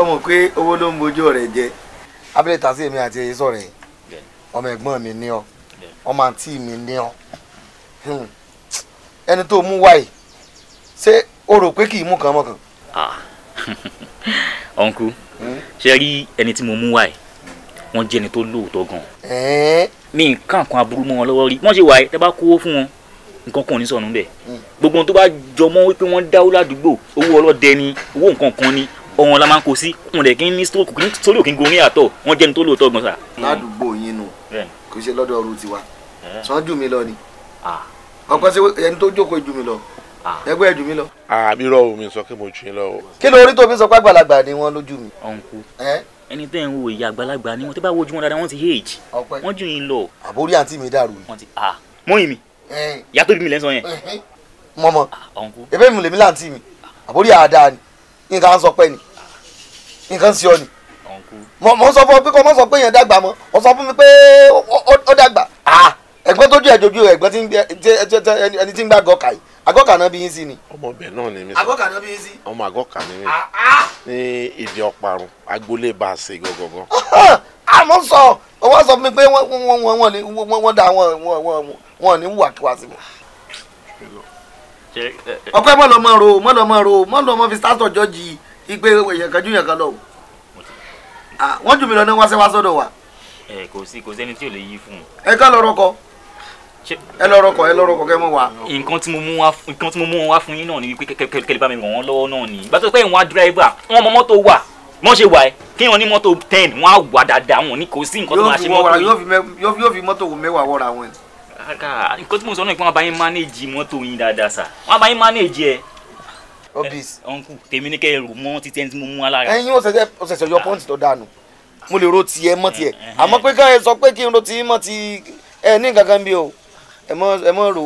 ọmọ pé owó ló ń bojú ọ̀rẹ́ jẹ. abẹ́lẹ̀ tàṣí èmi àti èyí sọ̀rọ̀ ẹ̀ ọmọ ẹ̀gbọ́n mi ní ọ ọmọ àǹtí mi ní ọ hmm. ẹni tó mú wáyé ṣé o rò pé kì í mú kan mọ́kàn. ọ̀nkú ṣe rí ẹni tí mo mú wáyé wọ́n jẹ́ ẹni tó lóòótọ́ gan-an. ní nǹkan kan aburú mọ́ wọn lọ́wọ́ rí wọ́n ṣe wáyé tẹ́ bá kówó fún wọn nǹkan kan ní sọnù bẹ́ẹ̀ mm. gbogbo tó bá jọmọ́ wípé wọ́n dáwó ládùúgbò owó ọlọ́dẹ ni owó nǹkan kan ni ọ̀hún la máa ń kó sí wọn lè kí ní stroke kí ní sórí òkè gorí àtọ̀ wọ́n jẹ́ni tó lóòótọ́ gan sa. ládùúgbò yín nù kò ṣe lọ́dọ̀ ọ̀run tiwa sàn jù mí lọ ni ọkọ sí ẹni tó jókòó jù mí lọ ẹgbẹ́ jù mí lọ. àmì rọ omi sọ pé mo jù yín lọ o. kí ló rí tó fi sọ pé àgbàlagbà ni wọ́n lójú mi. ọ̀nkú ẹni tẹ́ ń wo ìyá àgbàlagbà ni wọ́n tẹ́ bá wojú wọn dáadáa wọ́n ti age wọ́n jù yín lọ. àbórí àǹtí mi dàrú ni. wọ́n ah mọ́yìn mi Eh. ìyá tó bí mi lẹ́sàn yẹn. Eh, eh. mọ̀mọ́ ah, ebe mi lèmi láǹtì mi àbórí àdá ni nǹkan sọ pé ni nǹkan sí ọ ni mọ̀ sọ fún ọ pé kọ́ mọ̀ sọ pé èèyàn dàgbà mọ́ ọ sọ fún mi pé ó dàgbà ah, ẹ̀gbọ́n tó jẹ́ ẹ̀jọ̀jú rẹ̀ ẹ̀gbọ́n ẹni tí ń gbà gọ́kà yìí agọ́kà náà bí yín sí ni. ọmọ ọbẹ̀ náà ni mí sọ agọ́kà náà bí yín sí. ọmọ agọ́kà ni mí ah, ní ìdí ọparun agboolé bá a ṣe gọ́gọ́gọ́ àmọ́ sọ ọwọ́ sọ fún mi pé wọ́n da wọn ní wàkíwà sí mi. ọ̀pẹ́ mọ́ lọ́mọ ro mọ́ lọ́mọ ro mọ́ lọ́mọ fi sátọ̀ jọ́ọ̀jì igbe èèyàn kan ju èèyàn kan lọ. wọ́n jù mí lọ ní wọ́n ṣe wá sọ́dọ̀ wa. ẹ kò sí kò sẹ́ni tí ò lè yí fún un. ẹ ká lọ rọkọ ẹ lọ rọkọ ẹ lọ rọkọ kẹ mọ wa. nǹkan tí mo mú wá nǹkan tí mo mú wá fún yín náà ni pé kẹkẹ kẹlẹ bá mi ràn wọn lọ́wọ́ náà ni ìgbà tó pẹ́ ìwọn adúráìbà wọn mọ mọ́tò wà mọ́ ṣe wà ẹ́ kí wọ́n ní mọ́tò ten wọ́n á wà dáadáa wọn ní kò sí nǹkan tó máa ṣe mọ́tò yìí. yóò fi mọ́tò mẹ́wàá wọ́ra wọn. nǹkan tí mo sọ náà ni pé wọ́n bá yín mánéèjì mọ́tò yín dáadáa sà wọ́n bá yín mánéèjì ẹ̀. obis ọ̀nkù tèmi ní kẹ́ ẹ̀rù mọ́ títí ẹni tí mo mú wa lára. ẹyin ọ̀sẹ̀sẹ̀ yọ ah. pọ́ǹtì tó dànù mo lè ro tiẹ̀ mọ́ tiẹ̀ eh, eh, eh. àmọ́ pé káyọ̀ sọ pé kí n ro ti mọ́ ti ẹ ní kankan bí o ẹ mọ́ ro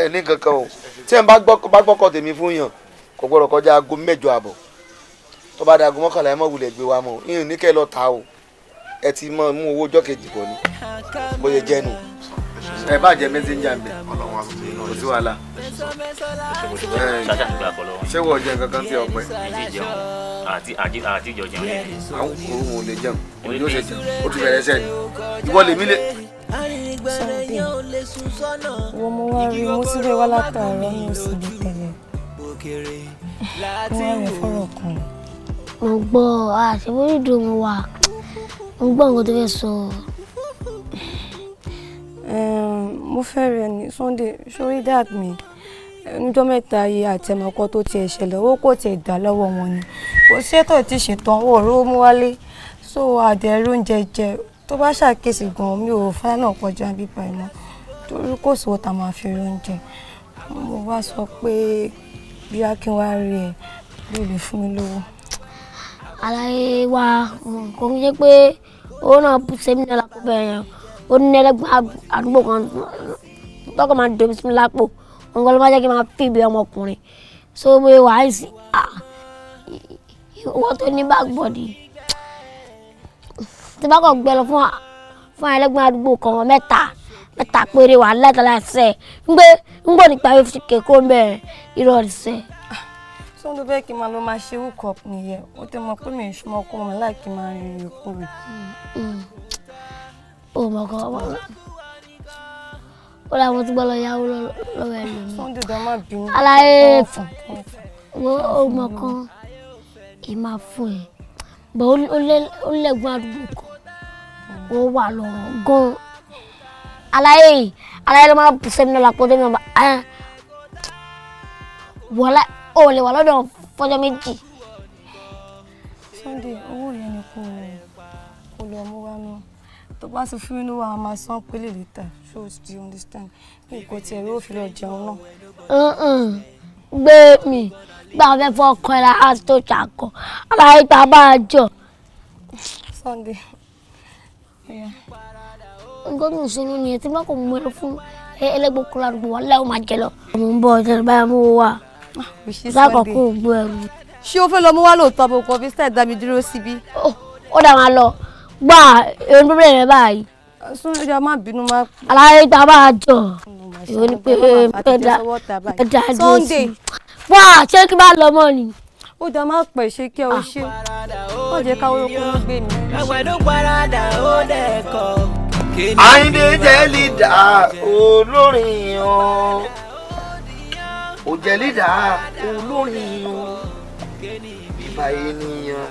ẹ ní kankan o tí ẹ bá gbọ́kọ̀ tèmi fún yàn kò gbọ́dọ̀ kọjá tó bá dagun mọ́kànlá ẹ mọ̀ wulẹ̀ gbé wa mọ́ ìyẹn ní kẹ́ lọ ta o ẹ ti mọ mú owó ọjọ́ kejì kọ́ ni bóyá jẹ́ nu. ẹ bá jẹ mẹsẹńjà mi kò sí wàhálà ṣé wọ́n jẹ kankan tí ọpẹ. àwọn kòrò wọn ò lè jẹun òun yóò ṣe jẹun ó ti bẹ̀rẹ̀ sẹ́ni ìwọ lèmi lè sọ́ndé wo mo wá rí mo sì wá látàárọ̀ ní oṣù mi tẹ̀lé wọ́n rìn fọ́rọ̀ kan mo gbọ́ àṣebórí dùn mo wà mo gbọ́ nǹkan tó fẹ́ sọ. mo fẹ́ ní Sunday sórí dad me. níjọ́ mẹ́ta yìí àtẹ̀mọ́kọ́ tó tiẹ̀ ṣẹlẹ̀ owó kò tiẹ̀ dá lọ́wọ́ wọn ni kò ṣètò tí ṣètàn owó òróró mú wálé so àdẹ̀rù oúnjẹ jẹ tó bá ṣàkíyèsí gan mi ò fẹ́ náà kọjá bíbá iná torí kò sí wọ́tà máa fi oúnjẹ mo wá sọ pé bí akínwá rí ẹ ló lè fún mi lówó àlàyé wa kò ń jẹ́ pé owó náà sẹ́mi náà lápò bẹ́ẹ̀ yẹn ó ní ẹlẹ́gbẹ́ àdúgbò kan tọkọ máa dòbi sí mi lápò òun kọ́ ló máa jẹ́ kí n máa fi ìbí ọmọkùnrin so mo yẹ wàá sí ìwọ tó ní báàgbọ̀dì tí bá kàn gbẹ lọ fún fún ẹlẹ́gbẹ́ àdúgbò kan mẹ́ta mẹ́ta péré wàá lẹ́tà láti sẹ́ ń gbé ń gbọ́ nípa fífi kékeré ń bẹ̀rẹ̀ irọ́ sọ́dún bẹ́ẹ̀ kí n máa lọ máa ṣe hookup nìyẹn ó tẹ mọ pé mi ì súnmọ́ ọkọ mi láì kí n máa rìn rìn kú mi. Mm, mm. ó mọ kọ́ ọ́ ó làwọn ti gbọ́ lọ yáwó lọ́wọ́ ẹ̀ lónìí. sọ́dún dán má bínú. aláyé ó mọ kan ì máa fún ẹ bọ́ ó lẹ́gbọ́n àdúgbò kan ó wà lọ́rọ̀ gan-an aláyé aláyé ló máa sẹ́mi náà lápò tẹ́mi náà wọ́lá o lè wà lọ́dọ̀ fọjọ́ méjì. Sunday owó yẹn ni kò rẹ̀ kò lọ mú wá náà tó bá ti fún inú wa a máa san pélé lítà show do you understand bí nǹkan tiẹ̀ yóò fi lọ jẹun náà. gbé mi gbà fẹ́ fọkọ ẹ̀ la house tó ṣàkọ aláyé tá a bá a jọ. Sunday nǹkan tó ń sinú nìyẹn tí bá kò mú ẹ fún ẹlẹgbẹ́ kọlá àdúgbò wa láwọn máa jẹ lọ. mo ń bọ̀ ọ̀sẹ̀ báyà mo wà lákòókò o fẹ́ lọ mú wá lóòótọ́ bó kọ́ fíṣẹ́ ẹ̀dá mi dúró síbí. ó dà máa lọ gbà èrò tó bẹ̀rẹ̀ báyìí. súnlẹ̀ ìjà má bínú má. aláyé ta bá a jọ èwo ni pé pẹ́ẹ́dá pẹ́ẹ́dá dúró sí i. wá ṣé kí bá lọ mọ́ ni. ó dà má pẹ̀ ṣe kí ẹ o ah. ṣe má jẹ́ káwé okun gbé mi. àgbàdo parada ó dẹ̀ kọ́. jẹ́ lídà olórin o kò jẹ́ lídà olórin o ìbà ènìyàn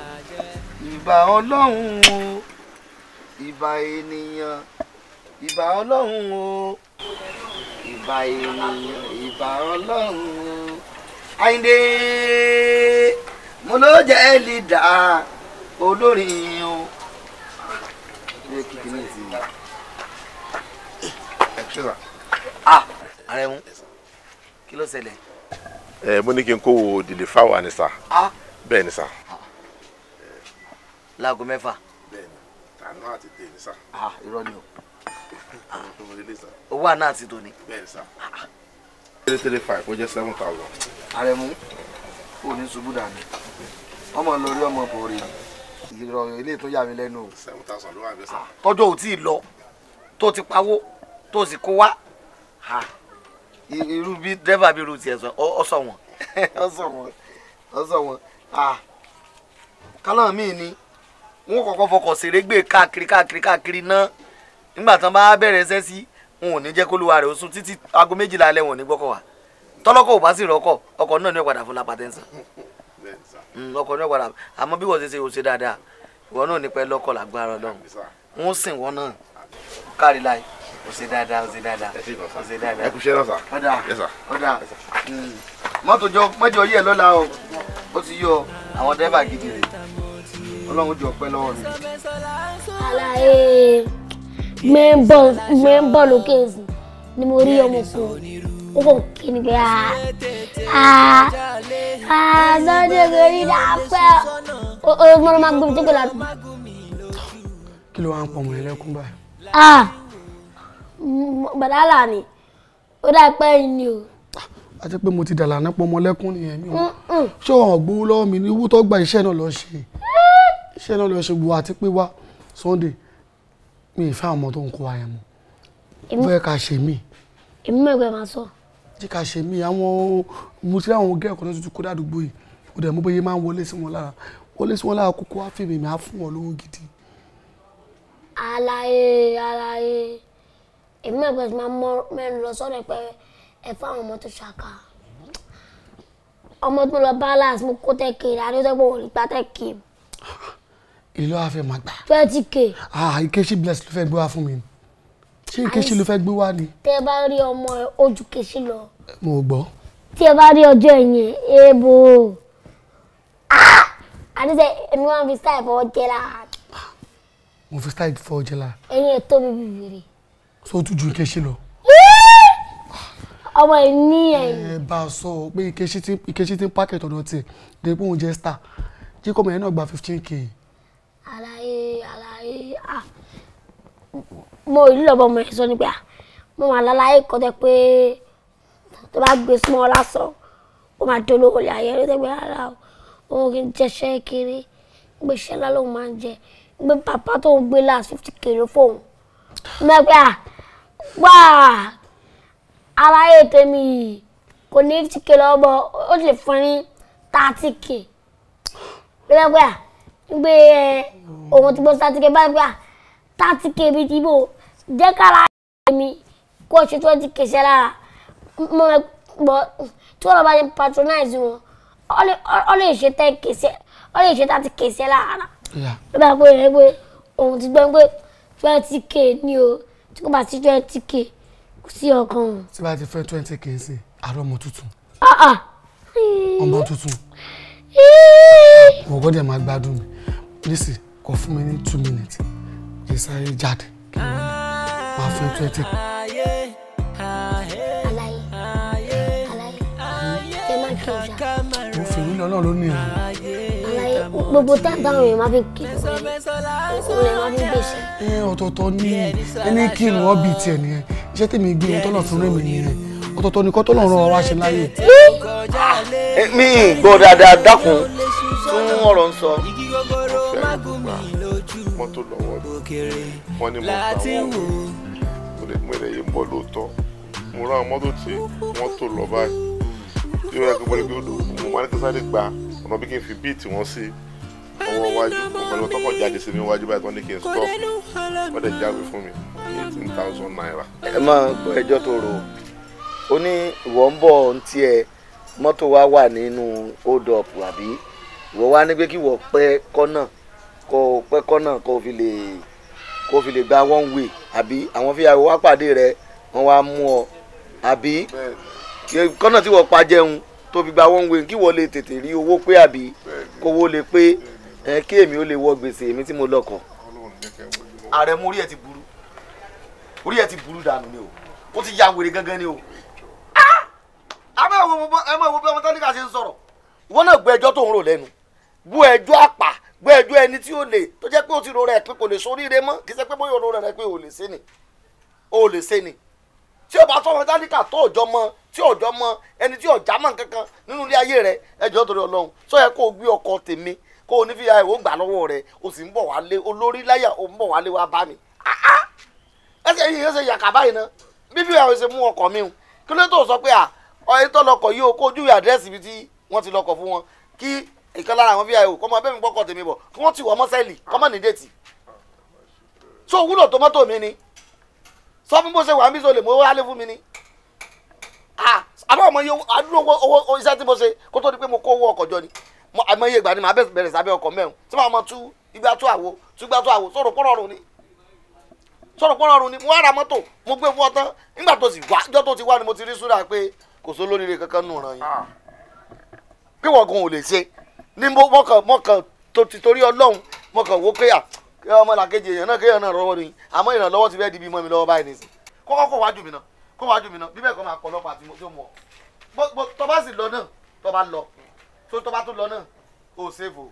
ìbà ọlọ́run o ìbà ènìyàn ìbà ọlọ́run o ìbà ènìyàn ìbà ọlọ́run o. Àyìndé mo ló jẹ́ lídà olórin o. Ah, ààrẹ mú kí ló ṣẹlẹ̀? ẹ eh, mo ní kí n kó wo dìde fáwa ni sà bẹ́ẹ̀ ni sà. láago mẹ́fà. bẹ́ẹ̀ ni àná àti dé ni sà. irọ́ ni o owó àná àti tòní. bẹ́ẹ̀ ni sà. three three five ó jẹ́ seven thousand. ààrẹ mú kó ní ṣubú dànù ọmọ lórí ọmọ bòrè ìrọ̀ ilé tó yà mí lẹ́nu o. seven thousand ló wà bẹ́ẹ̀ sà. tọ́jọ́ ò tí ì lọ tó ti pawó tó sì kó wá irú bí dẹ́fà bí irú tiẹ̀ sọ ọsọ wọn ọsọ wọn ọsọ wọn kálọ̀ míì ni wọn kọ́kọ́ fọkọ̀ ṣeré gbé káàkiri káàkiri káàkiri náà nígbà tán bá bẹ̀rẹ̀ ẹsẹ̀ sí wọn ò ní jẹ́ kó lùwà rẹ̀ ó sùn títí aago méjìlá alẹ́ wọn ò ní gbọ́kọ̀ wá tọ́lọ́kọ̀ ò bá sì rọ́kọ̀ ọkọ̀ náà ní ọ̀padà fún lapatẹ́ǹsì mm, ọkọ̀ ní ọ̀padà àmọ́ bí wọ́n ṣe ṣe ò ṣe dáadáa ìwọ náà ní pẹ́ lọ́kọ̀ lágbára ọlọ́run wọ́n sìn wọ́n náà kárí láì o ṣe dáadáa o ṣe dáadáa o ṣe dáadáa. ẹ kú ṣe lọ́sà. ọ̀dà ọ̀dà mọ́tò jọ mọ́jọ yí ẹ lọ́la o ó ti yọ àwọn dẹ́bà gidi rè ọlọ́run jọ pẹ́ lọ́wọ́ mi. àlàyé mẹ́ńbọ̀ lókè ẹ̀sìn ni mo rí ọmọ kan ó kàn kí ni pé àádọ́jọ́ ìgbèrí dápẹ́ ọmọ máa gbé mi tó kọ́ ládùúgbò. kí ló wá ń pọ̀ mọ́ ẹlẹ́kùn báyìí bàdàlà ni ó dà pé ni o. a jẹ́ pé mo ti dàlà náà pọ̀ ọmọlẹ́kùn nìyẹn mi ò ṣé ọ̀hún gbowó lọ́wọ́ mi ní owó tó gba iṣẹ́ náà lọ ṣe iṣẹ́ náà lọ ṣe gbowó àti pé wá Sunday mi ì fẹ́ àwọn ọmọ tó ń kó ayẹ mọ́ bẹ́ẹ̀ ká ṣe mí. èmi mẹ́gbẹ́ máa sọ. jí ká ṣe mí àwọn mo ti rí àwọn gẹ́ẹ̀kọ́ náà tuntun kó dàdúgbò yìí kó dẹ̀ mú bóyá máa ń wọlé sí wọn lára wọlé sí wọn lára kókó wá fèmí mi á fún wọn lówó gidi. àlàyé àlàyé èmi mọ̀ pé máa mọ mẹ́rin lọ sọ́dọ̀ pé ẹ fáwọn ọmọ tó ṣàkà ọmọ tó lọ balance mo kó tẹ́ kiri adótẹ́gbọ̀n ò ní gbá tẹ́ kiri. ìlú wa fẹ́ máa gbà. twenty k. ah ikeshi bless ló fẹ́ gbé wá fún mi ṣé ikeshi ló fẹ́ gbé wá ni. tẹ bá rí ọmọ ẹ ojú keshi lọ. mo gbọ́. tí ẹ bá rí ọjọ́ ẹ̀yìn èèbò àdìsẹ́ ah! èmi wọn fi style fọwọ́ jẹ́ la. mo fi style fọwọ́ jẹ́ la. ẹ̀yin tóbi bìbìrì so tún ju ìkẹ́ṣe lọ. ọmọ ẹ ní So ẹ bá a sọ pé ìkẹ́ṣe ti ń pákẹ́tì ọ̀dọ̀ tiẹ̀ dé pé òun jẹ́ star jí kọ́mọ yẹn náà gba fifteen k. àlàyé àlàyé ah mo ìlú lọ́bọ̀ ọmọ yẹn sọ ni pé ah mo máa lálàyé kọ́tẹ́ pé tó bá gbé súnmọ́ lásán ó máa dolówó lè ayé ló tẹ́gbẹ́ rárá o òun kì í jẹṣẹ́ kiri gbèsè lálẹ́ òun máa ń jẹ gbé pàpà tó ń gbé láti k ló fóun mẹ́pẹ́ à gbà aláyé tèmi kò ní fifty k lọ́bọ̀ ó sì fún ní thirty k mẹ́pẹ́ à gbé ohun tí mo thirty k bá gbà thirty k bíi ti bò jẹ́ kára tèmi kó o ṣe twenty k ṣe lára mo gbọ́ tí wọ́n bá ṣe patronize wọn ọ lè ṣe ten k ṣe ọ lè ṣe thirty k ṣe lára ló bá gbé ohun tí gbọ́ pé twenty k ní o tí kò bá sí twenty k kò sí ọkàn. tí bá ti fẹ́ twenty k sí àárọ̀ ọmọ tuntun. Ah, ah. ọmọ tuntun. ọ̀gọ́ dẹ̀ máa gbádùn mi lisi kọ fún mi ní two minutes kì í sáré jáde kí n máa fẹ́ twenty k. alaye alaye jẹ́ máa kí n jà. mo fèrè lọ́nà lónìí gbogbo táìpù táwọn èèyàn máa fi kékeré òun lè máa fi gbèsè. ẹ ọ̀tọ̀ọ̀tọ̀ ni ẹni kí n rọ́ bíi tiẹ̀ nìyẹn iṣẹ́ tèmi gbé ohun tọ́lọ̀ fún mi nìyẹn ọ̀tọ̀ọ̀tọ̀ ni kọ́tọ́ lọ́rùn ọ̀rọ̀ àṣẹ láyé. mi gbọ́ dáadáa dákun tún ọ̀rọ̀ ń sọ. mọ́tò lọ́wọ́ wọn ni mo gbà wọ́n mo lè yé bọ́ lóòótọ́ mo rán àwọn mọ́tò tí wọ́n tò báyìí mọ bí kí n fi bíìtì wọn sí ọwọ́ iwájú ọmọlẹ́wọ́ tọ́kọ̀ jáde sí mi iwájú báyìí tó ní kí n stop wọ́n dẹ̀ jáwé fún mi eighteen thousand naira. ẹ máa gbọ́ ẹjọ́ tó rò ó ní ìwọ ń bọ̀ ń tiẹ̀ mọ́tò wa wà nínú hold up àbí ìwọ wá ní pé kí ìwọ pẹ́ kọ́nà kó pẹ́ kọ́nà kó fi lè kó fi lè gba one way àbí àwọn fíyàwó wá pàdé rẹ wọ́n wá mú ọ àbí kọ́nà tí wọ́n pa jẹun tó fi gba one way kí wọ́n lè tètè rí owó pé àbí kówó lè pé ẹ kí èmi ó lè wọ gbèsè èmi tí mo lọkọ̀. ààrẹ mú orí ẹ ti burú orí ẹ ti burú dànù ni o ó ti ya wèrè gangan ni o. ẹ máa wo ẹ máa wo bí ọmọ tálíkà ṣe ń sọ̀rọ̀ ìwọ náà gbọ́ ẹjọ́ tó ń rò lẹ́nu gbọ́ ẹjọ́ àpà gbọ́ ẹjọ́ ẹni tí ó lè tó jẹ́ pé ó ti rò rẹ̀ pé kò lè sóríire mọ́ kì í ṣe pé bóyá ó rò rẹ̀ pé ò lè ṣe ni ò lè ṣe ni tí o bá sọmọ tálíkà tó ọjọ́ mọ tí ọjọ́ mọ ẹni tí ọjà mọ kankan nínú ilé ayé rẹ ẹjọ́ torí Ọlọ́run sọ yẹ kó o gbé ọkọ tèmi kó o ní fi àìwò gbà lọ́wọ́ rẹ o sì ń bọ̀ wá lé olórí láyà o ń bọ̀ wá lé wa bá mi ẹsẹ̀ yìí ẹsẹ̀ yàkà báyìí ná bíbí àwọn ẹsẹ̀ mú ọkọ̀ mi o kí ló tó sọ pé à ọyẹ tó lọkọ̀ yìí o kó ojú àdírẹ́sì ibi tí wọ́n ti lọkọ̀ fún wọn kí ìkan lára àwọn fíà o kọ́ mọ abẹ́mi gbọ́kọ̀ tèmi bọ̀ kí wọ́n sọ fún bó ṣe wà ń bí sọ lè mú owó alẹ́ fún mi ni ah, àbá ọmọ iye adúró owó iṣẹ́ tí mo ṣe kó tó di pé mo kó owó ọkọ̀ jọ ni àmọ́ iye ìgbà ni màá bẹ̀rẹ̀ sábẹ́ ọkọ̀ mẹ́rin tí màá mọ tú igba tó àwo tú igba tó àwo sọ̀rọ̀ pọ́n rọrùn ni sọ̀rọ̀ pọ́n rọrùn ni mo wá ra mọ́tò mo gbé fún ọ tán nígbà tó sì wá jọ́ tó ti wá ni mo ti rí súra pé kò só lóríire kankan nù ràn yín pé wọ́n gan ò lè ṣe ni mọ́kàn mọ́kàn tó ti torí ọlọ́run mọ́kàn wó pé ah, kí ọmọ làkejì èèyàn náà kéèyàn náà rọwọ́ ni àmọ́ ìrànlọ́wọ́ ti fẹ́ di bí mọ́ mi lọ́wọ́ báyìí nìsín kọ́kọ́ kọ́ wájú mi náà kọ́ wájú mi náà bíbẹ̀ kọ́ máa kọ́ lọ́pàá tí mo mọ̀ bó tó sì lọ náà tó lọ tó tó tó lọ náà ó ṣèfò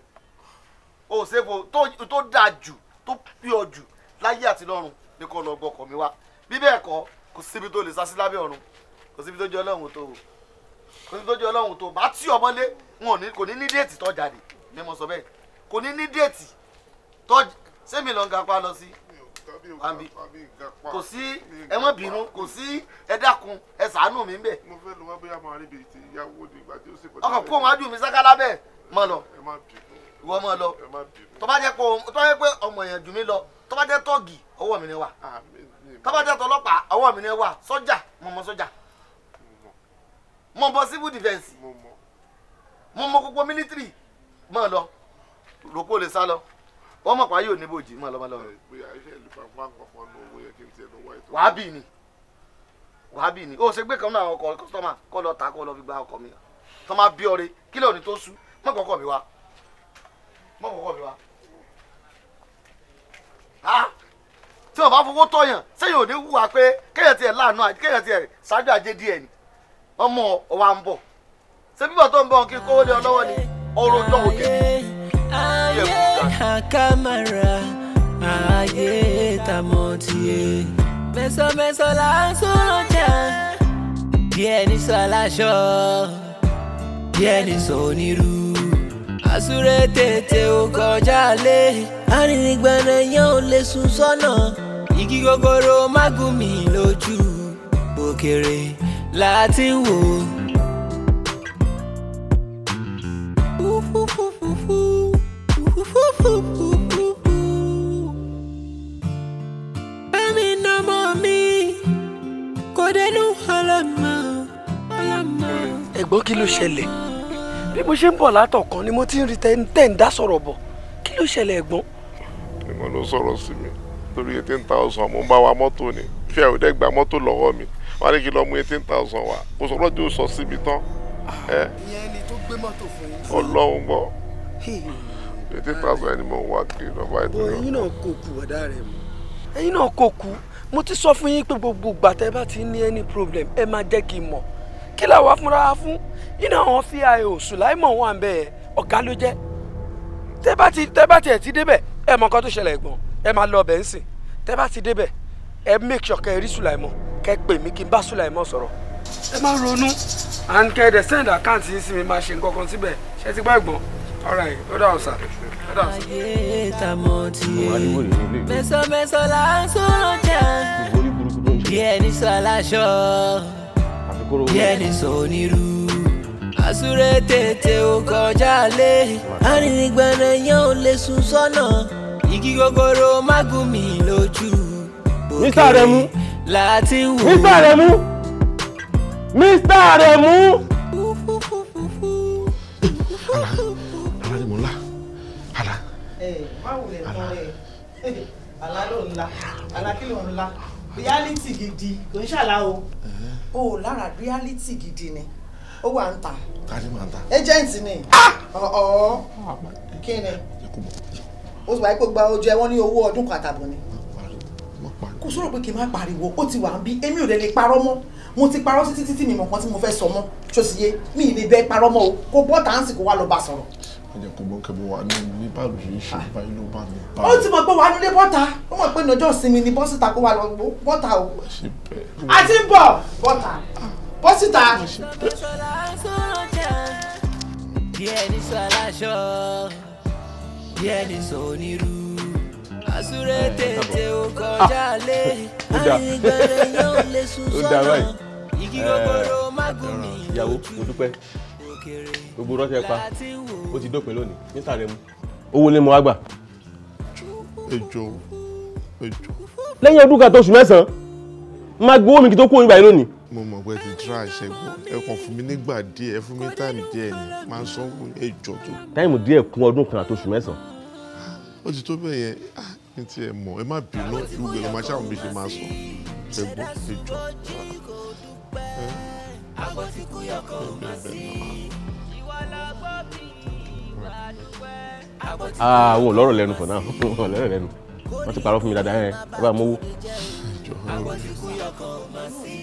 ó ṣèfò tó dáa jù tó pure jù láyé àti lọ́run ní kọ́ lọ gbọ́kọ̀ mi wá bíbẹ̀ kọ́ kò síbi tó lè sásí lábẹ́ ọ̀run kò síbi tó jẹ́ sẹ́mi lọ ń gapá lọ sí wàmí kò sí ẹ má bínú kò sí ẹ dákun ẹ ṣàánú mi bẹ. mo fẹ́ lọ wá bóyá máa rí ibi tí ìyàwó ni ìgbà tí ó sì pẹ̀lú. ọkọ̀ kó wọn ajú mi sákálá bẹ́ẹ̀ mọ lọ ìwọ mọ lọ tó bá jẹ́ pé tó bá jẹ́ pé ọmọ èèyàn jù mí lọ tó bá jẹ́ tọ́ọ̀gì ọwọ́ mi ni wà tó bá jẹ́ tọlọ́pàá ọwọ́ mi ni wà sọ́jà mo mọ sọ́jà mo mọ civil defence mo mọ gbogbo military mọ lọ rògbò lè sá lọ. wọ́n mọ̀ pa ní mọ̀ lọ́mọlọ́. wàá bì ní wàá bì o ṣe gbé kan náà kọ́ gba ọkọ̀ mi tọ́ ma bí kí lóòní tó sú mọ̀ kọ́kọ́ mi wá mọ̀ kọ́kọ́ mi wá. tí bá fowó pé kéèyàn tiẹ̀ láàánú kéèyàn tiẹ̀ ṣáájú díẹ̀ ni ọmọ ọwà ń bọ̀ ṣé bíbọ̀ tó ń bọ̀ kí kówó lé ọ lọ́wọ́ ni ọrọ̀ ọjọ́ kámẹ́rà ààyè tàmọ̀ tiẹ̀. Meso, meso, la ń sọ̀rọ̀ jà díẹ̀ ní sọ aláṣọ díẹ̀ ní sọ onírú. àsúré tètè ó kọjá lé arìnrìngbọ̀nà yẹn ò lè sùn sọ́nà igi gogoro magumi loju, lójú òkèrè láti wò ó. Ooh, ooh, ooh, ooh, ooh. Bami no more me, kò dẹnu ọlọ́mọ ọlọ́mọ. Ẹ̀gbọ́n kí ló ṣẹlẹ̀? Bí mo ṣe ń bọ̀ látọ̀kan ni mo ti ń rí tẹ́ ń dá sọ̀rọ̀ bọ̀. Kí ló ṣẹlẹ̀ ẹ̀gbọ́n? Ìmọ̀ ló sọ̀rọ̀ sí mi torí eighteen thousand mo ń bá wa mọ́tò ni fíà ò dẹ́ gba mọ́tò lọ́wọ́ mi wọ́n ní kí n lọ mú eighteen thousand wa kò sọ lọ́jọ́ sọ síbi tán. Ah, ìyẹn ni tó gbé mọ́tò fún yín. Ọlọ́run gbọ́ eighty thousand ẹni mò ń wá kiri lọ́ba ètò náà. ẹ̀yin náà kò kú ọ̀dà rẹ̀ mọ́ ẹ̀yin náà kò kú mo ti sọ fún yín pé gbogbo ìgbà tẹ́ bá ti ní any problem ẹ máa jẹ́ kí n mọ̀ kí làwa fúnra fún yín náà wọn fi àyè òsùn láì mọ̀ wọn à ń bẹ̀ ẹ̀ ọ̀gá ló jẹ́ tẹ́ bá ti tẹ́ bá tiẹ̀ ti débẹ̀ ẹ mọ nǹkan tó ṣẹlẹ̀ gbọ́n ẹ máa lọ ọbẹ̀ ń sìn tẹ́ bá ti débẹ̀ ẹ make sure kẹ́ ẹ rí sùlàìmọ̀ kẹ́ ẹ pè mí kí n bá sùlàìmọ̀ sọ̀rọ̀ ẹ má ronú and kẹ́ ẹ dẹ̀ send account yín sí mi máa ṣe nǹkan kan síbẹ̀ ṣe ti gbọ́ ẹ̀gbọ́n ọ̀rẹ́ ó dà ọ̀sà ó dà tètè ó lé arìnrìngbọ̀nà yẹn ò lè sùn sọ́nà igi gogoro mágùnmí lójú òkè láti wù. Mr. Aremu Mr. Aremu. má wulẹ̀ tán ẹ̀ àlá ló ńlá reality gidi kò ń ṣàlá o eh. o lára reality gidi ni ó wà ń ta agent ni ọ̀ọ́ kí ni o sì wáyé pé gba ojú ẹ wọ́n ní owó ọdún kan àtàbọ̀ ni kò sọ̀rọ̀ pé kí n má pariwo ó ti wà ń bí èmi ò lè parọ́ mọ́ mo ti parọ́ sí títí tí mi mọ̀ kan tí mo fẹ́ sọ mọ́ ṣòṣìyẹ mi ì lè bẹ parọ́ mọ́ o kò bọ́ tàǹsì kó wá lọ bá sọ̀rọ̀. ọjà kò gbọ́n kẹ́bọ̀ wà ní ilé báàlù yìí ṣe báyìí ló bá mi bá. ó ti mọ̀ pé wà á nílé bọ́ta ó mọ̀ pé nàjọ́ sinmi ni bọ́sìta kó wà lọ bọ́ta o. a ti ń bọ̀ bọ́ta bọ́sìta. díẹ̀ tètè ó kọjá lé àyè ìgbàlẹ̀ yóò lè sùn sọ́nà. Eh, eh, ìyàwó mo dúpẹ́ gbogbo rọ́ṣẹ́ pa ó ti dópin lónìí ní Sàrẹ́mú owó lé mo wá gbà. ẹjọ ẹjọ. lẹ́yìn ọdún kan tó oṣù mẹ́sàn-án máa gbowó mi kí tó kú oyin báyìí lónìí. mo mọ̀ pé ti tra ìṣẹ́gun ẹ kàn fún mi nígbà díẹ̀ ẹ fún mi táìmù díẹ̀ ni máa sanwó ẹjọ tó. táìmù díẹ̀ kún ọdún kan àti oṣù mẹ́sàn-án. ó ti tó bẹ́ẹ̀ yẹn ní ah, tiẹ̀ mọ̀ ẹ má bínú ìwúgbẹ́ ló máa ṣàwọn bí máa sọ ẹ̀gbọ́n ẹjọ pẹ́ àgbo tí kú yọkọ̀ ò má sí ìwà làgbọ́ bí ìwà dúpẹ́. àwọn ah, ò lọ́rọ̀ lẹ́nu for now ò lọ́rọ̀ lẹ́nu wọ́n ti parọ́ fún mi dáadáa ẹ̀ eh. ẹ bá mówó. àgbo tí kú yọkọ̀ ò má sí.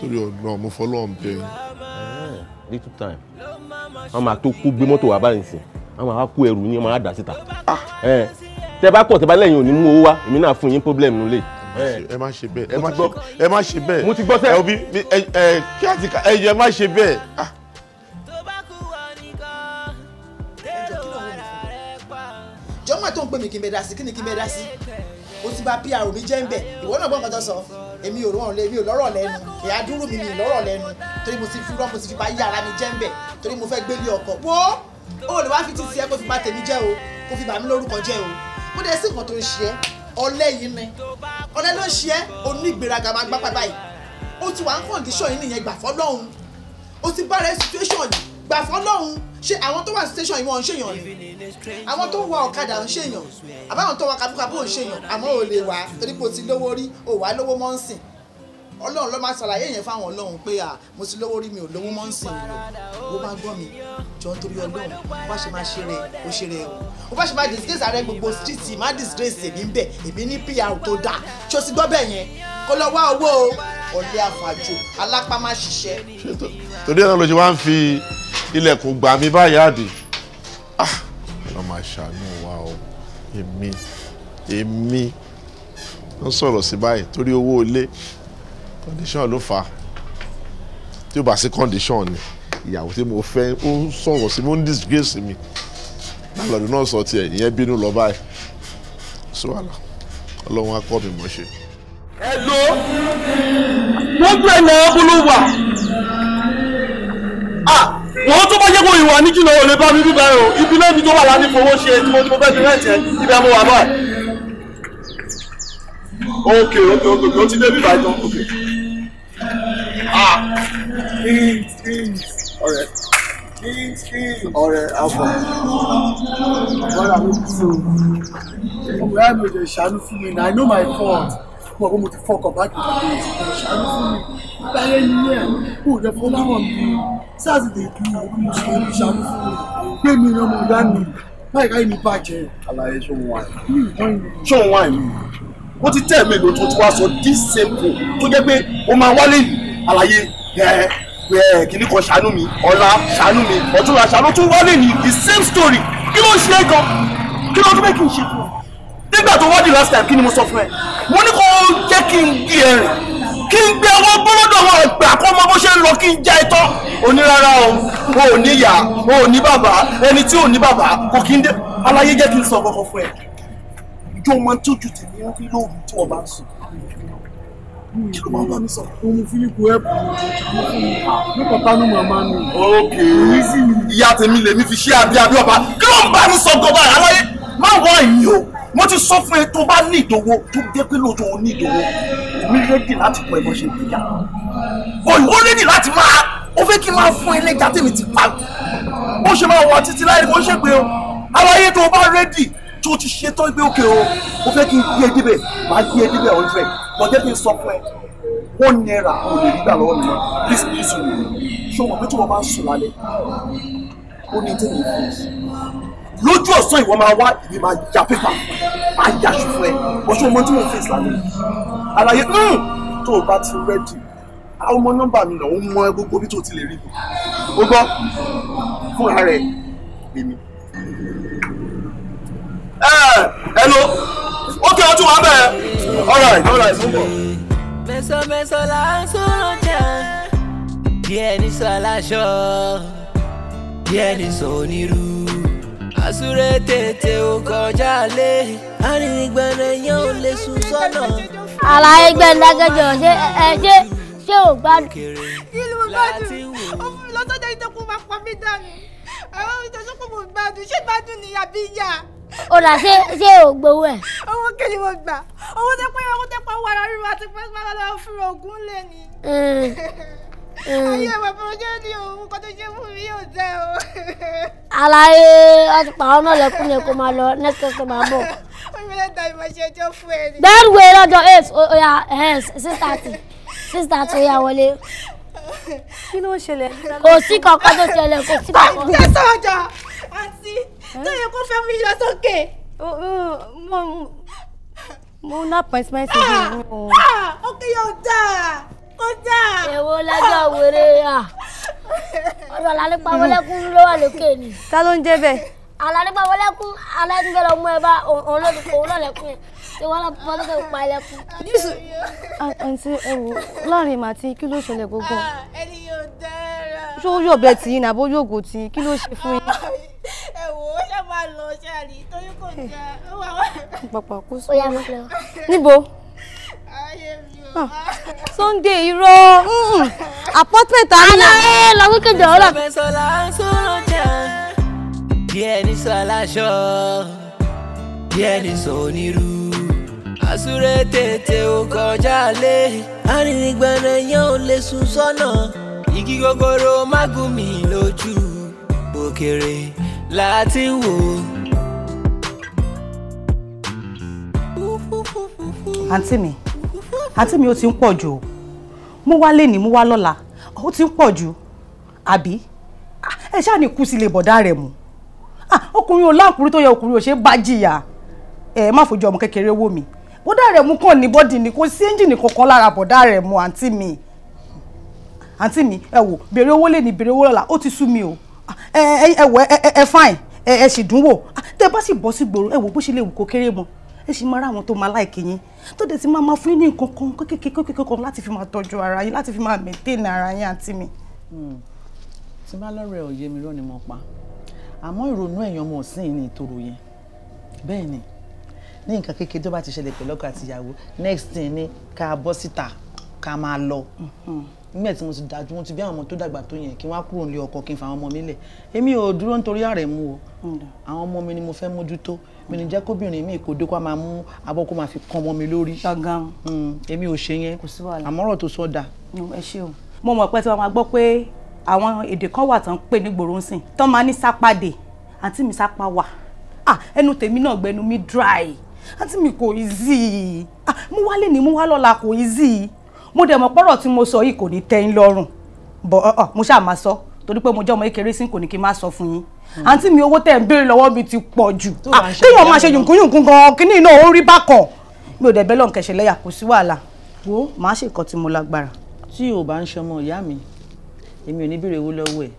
torí ọ̀nà mo fọlọ́ bẹ́ẹ̀. Eh, little time wọ́n máa tó kú gbé mọ́tò wá báyìí sìn àwọn àkó ẹrù yín máa dà síta tẹ bá pọ̀ tẹ bá lẹ́yìn ò ní mú owó wá èmi náà fún yín problem nulẹ̀ ẹ má ṣe bẹ́ẹ̀ ẹ má ṣe bẹ́ẹ̀ mo ti gbọ́ sẹ́ ẹ obi ẹ kí àti ẹ yẹ má ṣe bẹ́ẹ̀. Ah. jọ́mọ̀ tó ń pè mí kí n bẹ dá sí kí ni kí n bẹ dá sí o ti bà pr mi jẹ́ ń bẹ̀ ìwọ náà gbọ́ nǹkan tó sọ èmi ò rọrùn lé mi ò lọ́rọ̀ lẹ́nu ìyá dúró mi mi ò lọ́rọ̀ lẹ́nu torí mo ti fi rọ́ mo ti fi bá yàrá mi jẹ́ ń bẹ̀ torí mo fẹ́ gbélé ọkọ̀ wọ́ọ́ o lè wá fi ti tiẹ̀ kó fi bà tèmi jẹ́ o kó fi bà mí lórúkọ jẹ́ o kó dẹ̀ sí nǹkan tó ń ṣe ẹ́ ọ̀lẹ yìí ni ọ̀lẹ ló ń ṣe ẹ́ onígbéraga máa gbá padà yìí o ti wà ń kọ̀ǹdíṣọ̀ yìí nìyẹn gbà fọ́lọ́hún o ti bá rẹ̀ situation yìí gbà fọ́lọ́hún ṣé àwọn tó wà station yìí wọ́n ń ṣèyàn ni àwọn tó wa ọ̀kadà ń ṣèyàn àbáwọn tó wa kabúkabú ń ṣèyàn àmọ́ ò lè wà torí pé o ti lówó rí o wà lówó mọ́ ń sìn ọlọ́run ló máa ṣàlàyé yẹn fáwọn ọlọ́run pé à mo ti lówó rí mi ò lówó mọ́ ń sìn ìlú owó máa gbọ́ mi jọ nítorí ọlọ́run ó bá ṣe máa ṣe rẹ̀ ó ṣe rẹ̀ o ó bá ṣe máa disgrace ààrẹ gbogbo street má disgrace èmi ń bẹ̀ èmi ní pr tó dáa tí o ti gbọ́ bẹ́ẹ̀ yẹn kó lọ wá owó o ọ̀lẹ àfàjò alápá má ṣiṣẹ́. torí ẹ̀rọ ló ṣe wá ń fi ilẹ̀kùn gbà mí báyìí àdì ah, ọ̀nà condition ló fà á tí ó bá sí condition ni ìyàwó tí mo fẹ́ ó ń sọ̀rọ̀ sí mi ó ń disgrace mi lálọ́dún náà sọ tiẹ̀ ìyẹn bínú lọ báyìí sí wàhálà ọlọ́run á kọ́ mi mọ̀ ṣe. ẹ lo gbogbo ẹ̀nà olówà wọ́n tó bá jẹ́ kó ìwà ní jìnnà ò lè bá mi bíbá o ibi náà ibi tó wà láti fowó ṣe tí mo ti mo fẹ́ fi rẹ́ǹtì ẹ̀ ibi àmọ́ wà báyìí. ok ok ok ok ó ti dé bíbá ìtàn ok. Green screens. Alright. Green screens. Alright, Alpha. Bọ́lá mi kú so. Ọmọ ìyá mi ò lè ṣàánú I know my fault. Mo àwọn mo ti fọkàn bá kìí ṣe ṣàánú fún mi. Báyé ni yẹn, kò lè fọlá hàn mí. SARS lè dùn òkú ṣe é ṣàánú fún mi. Gbé mi ní ọmọ ìyá mi. Báyìí káyé mi bàjẹ́. Àlàyé ṣó ń wá ẹ̀. Ṣó ń wá ẹ̀ mi? Wọ́n ti tẹ́ ẹ̀mí lò tó ti wá sọ dísèpò tó jẹ́ pé o máa wálé àlàyé ẹ̀ẹ́ pé ẹ kìnnì kan ṣàánú mi ọ̀la ṣàánú mi ọ̀túnla ṣàánú tún wálé ní the same story kí ló ń ṣe é gan kí ló tún bẹ́ẹ̀ kí n ṣe fún ọ nígbà tó wádìí last time kí ni mo sọ fún ẹ mo ní kó jẹ́ kí n di ẹ̀rìn kí n gbé ọwọ́ bọ́lọ́dọ̀ wọn ẹ̀gbà kó mọ bó ṣe ń lọ kí n já ẹtọ́ onírárá o o ò ní ìyá o ò ní bàbá ẹni tí ò ní bàbá kò kí n dé aláyé jẹ́ kí n sọ kọ́kọ́ fún ẹ ìjọ máa tójú tèmi ń rí lóòrùn tí wọ́n bá ń sùn kí mm-hmm. ló máa mi fi ṣe àbí àbí ọba kí ló ń bá mi sọ gbọba aláyé má wọ èyí o mo ti sọ fún ẹ tó bá ní ìdòwò tó dé pé lóòótọ́ o ní ìdòwò èmi rédì láti kọ ẹ̀bọ̀n ṣe ìgbéyà òyìnbó rédì láti máa ó fẹ́ kí n máa fún ẹlẹ́jà tèmi ti pa bó ṣe máa wọ títí láì kó ṣègbè o aláyé tó bá rédì tó ti ṣetán gbé òkè o ó fẹ́ kí n gbé débẹ̀ máa gbé débẹ̀ ọ̀dúnrẹ̀ bọ̀dé kí n sọ fún ẹ one naira kò lè nígbà lọ́wọ́ mi náà please please o ṣé wọn méjì wọn máa ń sùn lálẹ́ ó ní tẹ́lẹ̀ ìfún lójú ọ̀sán ìwọ máa wá ìwé máa ya pépà máa ya ṣùfún ẹ bọ́ ṣé o mọ tí mo fèsì lálẹ́ àlàyé hmm, tó o bá ti rẹ́dì àwọn ọmọ nọ́mbà mi náà ó mọ gbogbo bí tó ti lè rí mi ó gbọ́ fúnra rẹ̀ lèmi. ẹ ẹ lọ ókè ọtún wà bẹ́ẹ̀ alright alright mú bọ̀. mẹ́sàn-mẹ́sàn là ń sọ̀rọ̀ jà díẹ̀ ní sọ díẹ̀ ní sọ àsúré tètè ó kọjá lé arìnrìngbẹ̀rẹ̀ yẹn ò lè sùn sọ́nà. àlàyé gbẹ̀ndàgẹ́jọ ṣé ẹ ṣé ṣé ò gbádùn. kí ló gbádùn ó fún mi lọ́sọ́jà ìtọ́kùn máa pa mí dànù àwọn ìtọ́sọ́kùn mò ń gbádùn ṣé gbádùn ni àbí yá ó là ṣé ṣé ò gbowó ẹ. owó kejì mo gbà owó tẹ pé owó tẹ pé owó ara rírun àti pé pátá lọ fún ogún lé ni. Eh, ayé bàbá ọjọ́ ni òun kọ́ tó ṣe fún mi yóò tẹ o. àlàyé ọtí pàwọn náà lẹkùn ni kò máa lọ next customer bọ̀. onímọ̀lẹ́ ta ìmọ̀ ṣe ẹjọ́ fún ẹ ni. bẹ́ẹ̀ wé lọ́jọ́ eight oya six thirty six thirty oya wọlé. kí ló ń ṣẹlẹ̀. kò sí kankan tó ṣẹlẹ̀ kò sí kankan. bá tẹ sọ́jà àǹtí tó yẹ kó fẹ́ mi lọ sókè. mo mo ná appointment bí mi o. ókè yóò dáa kó dáa. èwo lẹ́jọ́ wèrè à ọ̀rọ̀ lálẹ́ pa wọlé kún ló wà lókè ni. ta ló ń jẹ́ bẹ́ẹ̀. àlàní pa wọlé kún alẹ́ ń gbẹ́rọ mú ṣé wàhálà bàbá tó pa ilẹ̀ kù. àǹtí ẹ wò láàrin màá ti kí ló ṣẹlẹ̀ gbogbo. Ah, ẹni yóò dára. ṣó yóò bẹ tì í ní abó yóò gò tì í kí ló ṣe fún yín. ẹ ó ṣe máa lọ ṣe àlè torí kò jẹ. pàpà kó sọ. oyà níbo. Ah, Sunday irọ́ appointment àná. àná lọ sókè jọ̀ọ́ lọ. sọ̀rọ̀ à sọ aláṣọ díẹ̀ ní sọ onírú àsúré tètè ò kọjá lé arìnrìngbọ̀nà yẹn ò lè sùn sọ́nà igi gogoro mágùnmí lójú òkèrè láti wò. àǹtí mi àǹtí mi ó ti ń pọ̀ jù o mú wá lẹ́ni mú wá lọ́la ó ti ń pọ̀ jù àbí ẹ ṣáà ní kú sí ilé bọ̀dá rẹ̀ mu ah, ọkùnrin ò láǹkúrí tó yẹ ọkùnrin ò ṣe é bá jìyà ẹ má fojú ọmọ kékeré wò mí bọ́dà rẹ̀ mú kàn ní bọ́dì ni kò sí ẹ́ńjìnì kankan lára bọ́dà rẹ̀ mú àǹtí mi àǹtí mi ẹ wò bèrè owó lè ní bèrè owó lọ́la ó ti sú mi o ẹ ẹ ẹ ẹ fine ẹ ẹ sì dùn wò tẹ bá sì bọ́ sí gbòòrò ẹ wò bó ṣe lè wù kó kéré mọ́ ẹ sì máa rá àwọn tó máa láìkì yín tó dẹ̀ ti máa máa fún yín ní nǹkan kan kékeré kan láti fi máa tọ́jú ara yín láti fi máa maintain ara yín àǹtí mi. Hmm. tí bá lọ́rẹ̀ òye mi rọ́ ni mo pa àmọ́ ìrònú ẹ̀yàn ọmọ ọ̀sìn ni ìtòrò yẹn bẹ́ẹ̀ ni ní nǹkan kékeré tó bá ti ṣẹlẹ̀ pẹ̀lú ọkọ àti ìyàwó next thing ni ká bọ́ síta ká máa lọ nígbà tí mo ti dájú mo ti bí àwọn ọmọ tó dàgbà tó yẹn kí wọ́n á kúrò nílé ọkọ kí n fa àwọn ọmọ mi lẹ̀ èmi ò dúró nítorí ààrẹ mu o àwọn ọmọ mi ni mo fẹ́ mójútó mi ní jẹ́ kóbìnrin mi kò dókòó máa mú abọ́ kó máa fi kan ọmọ mi lórí. Hmm, èmi ò ṣe yẹn àmọ́rọ̀ tó sọ dà. ẹ ṣe o mo mọ̀ pé tí wọ́n máa gbọ́ pé àwọn èdè kan wà tán pè ní gbòòrò ńsìn tán máa ní sápàdé àǹtí mi sápá wà ah ẹnu tèmi náà gbẹnu mi dry àǹtí mi kò easy ah, mo wá lè ní mo wá lọ́la kò easy mo dẹ̀ mọ̀ pọ́rọ̀ tí mo sọ yìí kò ní tẹ́ yín lọ́rùn bọ̀ ọ̀ uh, uh, mo ṣáà máa sọ torí pé mo jẹ́ ọmọ kékeré sí kò ní kí n má sọ fún yín hmm. àǹtí mi owó tẹ̀ ń béèrè lọ́wọ́ mi ti pọ̀ jù ah, téèyàn máa ṣe yùnkúnyùnkún gan-an kínní náà ó rí bákan mi ò dẹ̀ bẹ́ẹ̀ lọ́n kẹsẹ̀ lẹ́yà kò sí wàhálà wo ṣe nǹkan tí mo lágbára. tí o bá ń ṣọmọ ìyá mi èmi ò ní bèrè owó lọ́wọ́ ẹ̀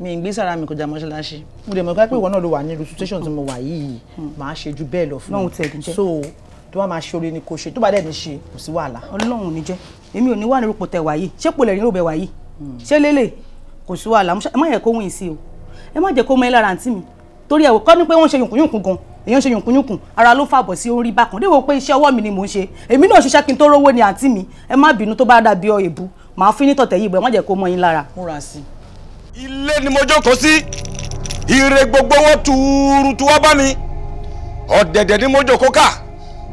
mi ń gbé sára mi kọjá mọ́ṣáláṣí mo dẹ̀ mọ̀ pé ìwọ náà ló wà ní irú situation tí mo wà yìí hmm. màá ṣe ju bẹ́ẹ̀ lọ fún mi so tó bá máa ṣe oore ni kò ṣe tó bá dẹ̀ ní ṣe kò sí wàhálà. ọlọ́run ní jẹ́ èmi ò ní wà ní irú pọ̀tẹ́ wà ṣé pò lè òbẹ̀ wà hmm. ṣé lélẹ̀ kò sí wàhálà ẹ má yẹ kó wọ́n sí o ẹ má jẹ́ kó mọ́ ẹ lára àǹtí mi torí ẹ̀wọ̀ kọ́ ni pé wọ́n ṣe yùnkùnyùnkùn gan èèyàn ṣe yùnkùnyùnkùn ara ló fàbọ̀ sí orí bákan dé wo pé iṣẹ́ ọwọ́ mi ni mò ń ṣe èmi náà ṣiṣẹ́ kí n tó rówó ni àǹtí mi ẹ má bínú tó bá dàbí ọ èbú màá fi ní yìí bọ̀ ẹ má jẹ́ kó mọ́ yín lára. múra sí i ilé ni mo jókòó sí ire gbogbo wọn tuurutu wá bá mi ọ̀dẹ̀dẹ̀ ni mo jókòó ká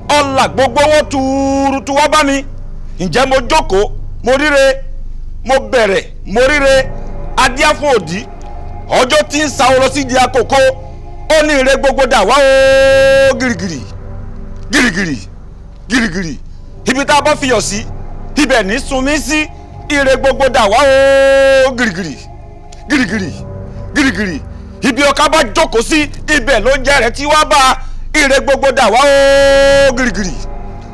ọlà gbogbo wọn tuurutu wá bá mi ǹjẹ́ mo jókòó mo ríre mo bẹ̀rẹ̀ mo ríre adíáfún òdì ọjọ́ tí ń sa ọ lọ sí di àkókò ó ní ire gbogbo dà wá o girigiri girigiri girigiri ibi tá a bá fiyọ̀ sí ibẹ̀ ní sunmi sí ire gbogbo dà wá o girigiri. gírígírí gírígírí ibi ọ̀ka bá jókòó sí ibẹ̀ ló jẹ́ rẹ̀ tí wá bá ire gbogbo dà wá ó gírígírí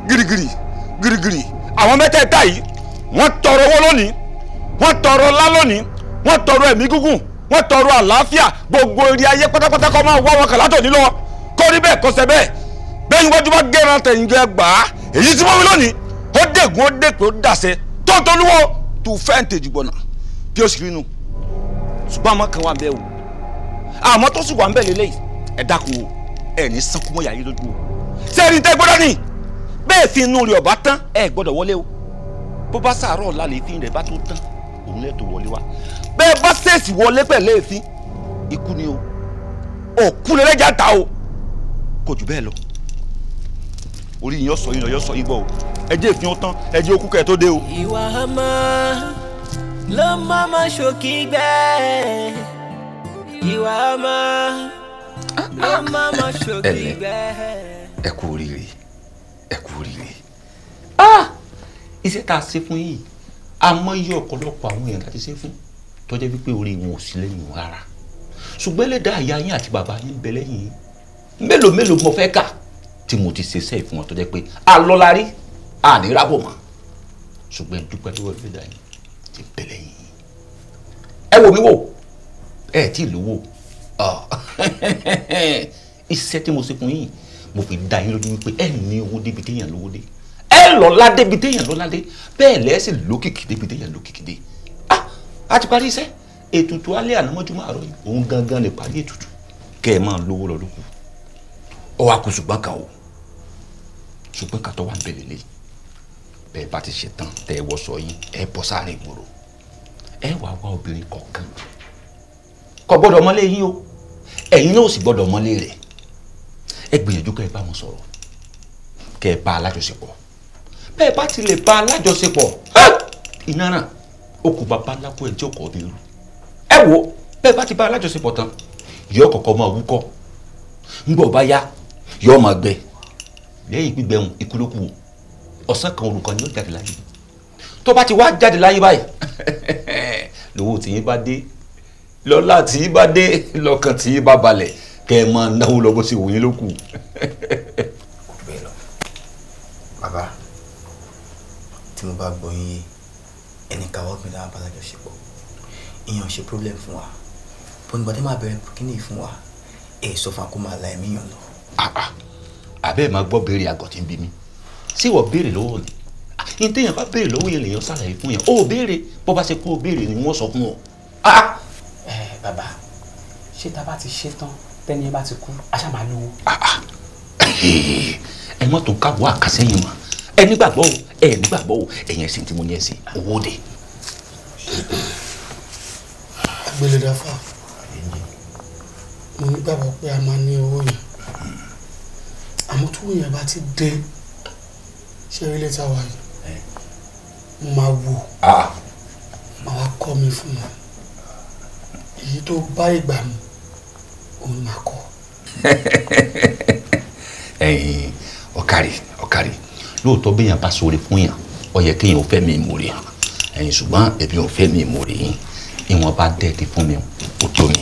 gírígírí gírígírí àwọn mẹ́tẹ̀ẹ̀ta yìí wọ́n tọrọ owó lónìí wọ́n tọrọ ọlá lónìí wọ́n tọrọ ẹ̀mí gígùn wọ́n tọrọ àlàáfíà gbogbo eré ayé pátápátá kọ́ máa wá wọn kà látòní lọ kó rí bẹ́ẹ̀ kó ṣe bẹ́ẹ̀ bẹ́ẹ̀ wájú bá gẹ́ran tẹ̀yìn gẹ́ èyí tí wọ́n wí lónìí ó dẹ̀gùn ó dẹ̀pẹ́ ó dàṣẹ tó ń tolúwọ́ tó fẹ́ǹtẹ̀ jùgbọ́n náà bí ó sì rí nu ṣùgbọ́n àmọ́ kan wà ń bẹ̀ o àmọ́ tó sì wà ń bẹ̀ lélẹ̀ ẹ dákun o ẹ ní sanku mọ́ yàrá lójú o sẹ́ẹ̀rì tẹ́ gbọ́dọ̀ ni bẹ́ẹ̀ fi inú rẹ̀ ọ̀bá tán ẹ gbọ́dọ̀ wọlé o bó bá sàárọ̀ ọ̀la lè fi rẹ̀ bá tó tán òun lè tó wọlé wa bẹ́ẹ̀ bá sẹ́ẹ̀sì wọlé pẹ̀lú èéfín ikú ni o òkú lẹ́lẹ́jà ta o kò jù bẹ́ẹ̀ lọ orí yín yọ sọ yín lọ yọ sọ yín bọ̀ o ẹ jẹ́ ìfihàn tán ẹ jẹ́ okú kẹ́ẹ̀ tó dé o. ìwà máa ló mọ́mọ́ ṣòkìgbẹ́ ìwà ọmọ ló mọ́mọ́ ṣòkìgbẹ́. ẹ kú oríire ẹ kú oríire ah! Ah! iṣẹ́ tá a ṣe fún yìí a mọyì ọ̀pọ̀lọpọ̀ àwọn èèyàn láti ṣe fún tó jẹ́ wípé orí wọn ò sí lẹ́yìn rárá ṣùgbọ́n ẹlẹ́dàá àyà yín àti bàbá yín bẹ lẹ́yìn mélòó mélòó mo fẹ́ kà tí mo ti ṣe iṣẹ́ ìfún wọn tó pé a lọ́la rí ànírábọ̀ mọ́ ṣùgbọ́n dúpẹ́ lọ́wọ́ ẹlẹ́dàá yín ti bẹ̀lẹ̀ yìí ẹ wò mí wò ẹ tí ì lówó iṣẹ́ tí mo ṣe fún yín mo fi dá yín lójú wípé ẹ ní owó débi téèyàn lówó dé ẹ lọ́lá débi téèyàn lọ́lá dé bẹ́ẹ̀ lẹ́sìn lókìkí débi téèyàn lókìkí dé ah a ti parí iṣẹ́ ètùtù alẹ́ ànámọ́júmọ́ àárọ̀ yìí òun gangan lè parí ètùtù kẹ́ ẹ máa lówó lọ lóko ọwọ́ àkùsùgbọ́n kan o ṣùgbọ́n kan tó wà ń bẹ̀rẹ̀ lẹ́yìn bẹ́ẹ̀ bá ti ṣetán tẹ́ ẹ wọṣọ yín ẹ bọ́ sáré ìgboro ẹ wá wá obìnrin kọ̀ọ̀kan kò gbọ́dọ̀ mọ́lé yín o ẹ̀yin náà ò sì gbọ́dọ̀ mọ́lé rẹ̀ ẹ gbìyànjú kẹ́ ẹ bá wọn sọ̀rọ̀ kẹ́ ẹ bá alájọṣepọ̀ bẹ́ẹ̀ bá ti lè bá alájọṣepọ̀ iná náà o kù bàbá ńlá kó ẹ jẹ́ ọkọ̀ mi rú ẹ wo bẹ́ẹ̀ bá ti bá alájọṣepọ̀ tán yọ kọ̀kọ́ máa wúkọ́ ńgbọ̀ bá yá yọ máa gbẹ lẹ́yìn gbígbẹ̀hùn ikú ló kù o ọ̀sán kan orúkọ ni ó jáde láyé tó bá ti wá jáde láyé báyìí lówó tí yín bá dé lọ́lá tí yín bá dé lọ́kàn tí yín bá balẹ̀ kẹ́ ẹ máa náwó lọ bó ṣe wò yín ló kù. bẹ́ẹ̀ lọ bàbá tí mo bá gbọ́ yín ẹnìkan wọ́n mi láwọn bàtà jọṣepọ̀ ìyẹn ò ṣe problem fún wa bó nígbà tí màá bẹ̀rẹ̀ kíní fún wa èso fún akó máa la ẹ̀mí yàn lọ. Ah, ah. àbẹ́ẹ̀ máa gbọ́ béèrè àgọ̀ ń bí mi ṣé wọ́n béèrè lọ́wọ́ ni ní téèyàn bá béèrè lọ́wọ́ yẹn lèèyàn ṣàlàyé fún yẹn ó béèrè bó bá ṣe kó o béèrè ni wọ́n sọ fún ọ. Ah, ah. ẹ bàbá ṣé tá bá ti ṣe tán tẹ́ni ẹ bá ti kú aṣá máa lówó. Ah, ẹ mọ́tò káwọ́ àkàṣẹ́yìn wọn ẹ nígbàgbọ́ o ẹ nígbàgbọ́ o ẹ̀yìn ẹ̀sìn tí mo ní ẹ̀sìn owó de. agbélé dáfà mo nígbàgbọ́ pé a máa ní owó yẹn àmọ́ tó yẹn bá ti dé ṣé ilé tá a wà yìí máa wò máa wá kọ́ mi fún wọn èyí tó bá ìgbà mi òun máa kọ́. ẹyin ọ̀kàrí ọ̀kàrí lóòótọ́ béèyàn bá sọ̀rọ̀ fún yàn ó kéèyàn fẹ́ mi ìmòrè ẹyin ṣùgbọ́n èmi ò fẹ́ mi ìmòrè yín ìwọ̀n bá dẹ̀ ti fún mi ó tó mi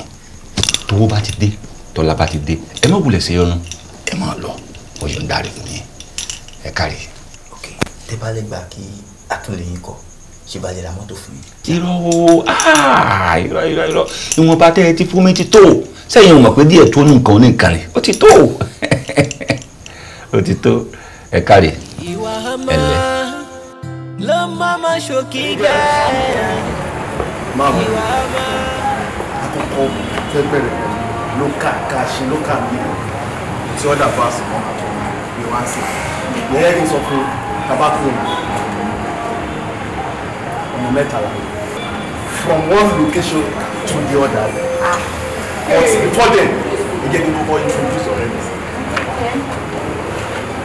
tówó bá ti dé tọ́lá bá ti dé ẹ má wulẹ̀ sí yọnu ẹ má lọ ó ń darí fún yín ẹ kárí tẹ́ bá lè gbà kí àtúnlẹ̀ yín kọ ṣe bá lè ra mọ́tò fún yín. irọ́ o ah, irọ́ irọ́ irọ́ ìwọ̀nba tẹ́ ẹ ti fún mi ti tó sẹ́yìn mọ̀ pé díẹ̀ tó ní nǹkan rẹ̀ ó ti tó ó ti tó ẹ káre ẹ lẹ. ló máa ma ṣòkìgá máa àkọ́kọ́ fẹ́ bẹ̀rẹ̀ pẹ̀lú lókà káàṣì lókà mi tí ọ̀dà bá sùn mọ́ àtọ̀ mi wá sí i ìgbẹ́rẹ́ ní sọ fún un bàbá ọmọ mẹ́ta la from one location to the other ah. but before then ẹ get kí n kọ́kọ́ introduce ọ̀rẹ́ mi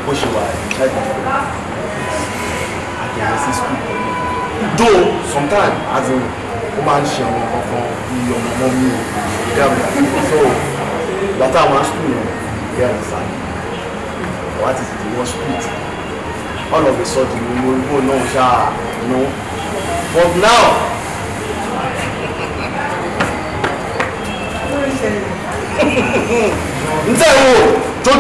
bó ṣe wà ìjáde àgbẹ̀rẹ̀ sí school pẹ̀lú though sometimes as in ó máa ń ṣe àwọn kankan bí ọmọ ọmọ mi ò dábìlà so bàtà I ń school yẹn yẹn sáà wàá ti tètè wọ́n school all of a sudden ni will go náà ṣáà nù but now. tell you to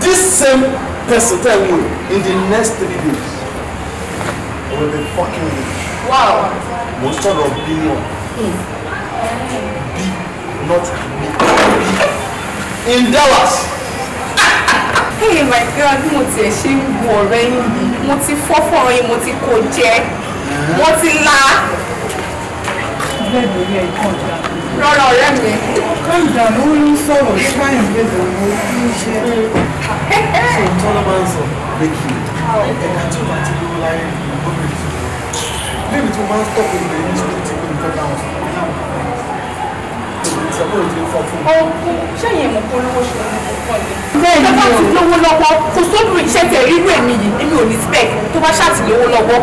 this same person tell you in the next three days I will be fucking rich. wow of sọ̀rọ̀ billion. Mm. be not B B in Dallas hey my god bí mo tiẹ̀ ṣe ń bu ọ̀rẹ́ yín mo ti fọ́ fọ́ọ̀rọ̀ yín mo ti kò jẹ́ mo ti la. bẹ́ẹ̀ lórí ẹ̀ kàn dà. rọrọ ọ̀rẹ́ mi. kàn dà ló ń sọ̀rọ̀ nípa ìgbésẹ̀ owó tí ń ṣe. ṣe tọ́lá máa ń sọ lẹ́kì ẹ̀ka tí ó bá ti lówó láyé ìgbóhùn lẹ́yìn tí mo máa ń tọ́pọ̀ ìgbésẹ̀ tí mo ti gbé nǹkan dáhùn ìsọ̀kò ìdí fọ́ fún mi. ọkùn ṣẹ́yìn mọ̀ kó lówó ṣe ọmọ ọkọ mi. bẹ́ẹ̀ ni lọ́wọ́ kò sódùn iṣẹ́ tẹ̀ rírú ẹ̀mí yìí nínú òní spec tó bá ṣàtìlówó lọ́wọ́.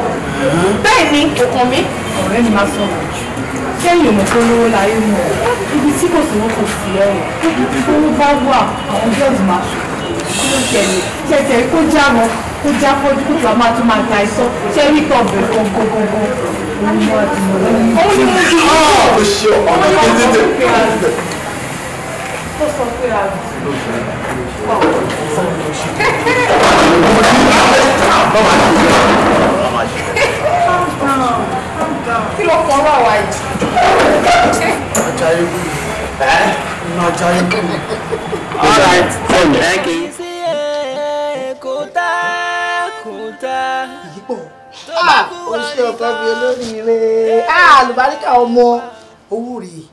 bẹ́ẹ̀ ni òkàn mi. ọ̀rẹ́ mi máa sọ̀rọ̀ jù kẹ́yìn mọ̀ tó lówó láyé mọ̀ ibi tí kò sí wọn kò sí ọ̀rọ̀ tó bá wà àwọn girls máa ṣù kí ló tẹ̀lé tẹ̀tẹ̀ kó já wọn kó já fọ́jú kó tó a máa tún máa ta ẹ̀sọ́ ṣẹ́rí tọ̀ bẹ̀ gbọ̀ngbọ̀ngbọ̀ngbọ̀. Ah, ìyípo ó ṣe ọkọ bíi olóríire àlùbáríkà ọmọ owó rèé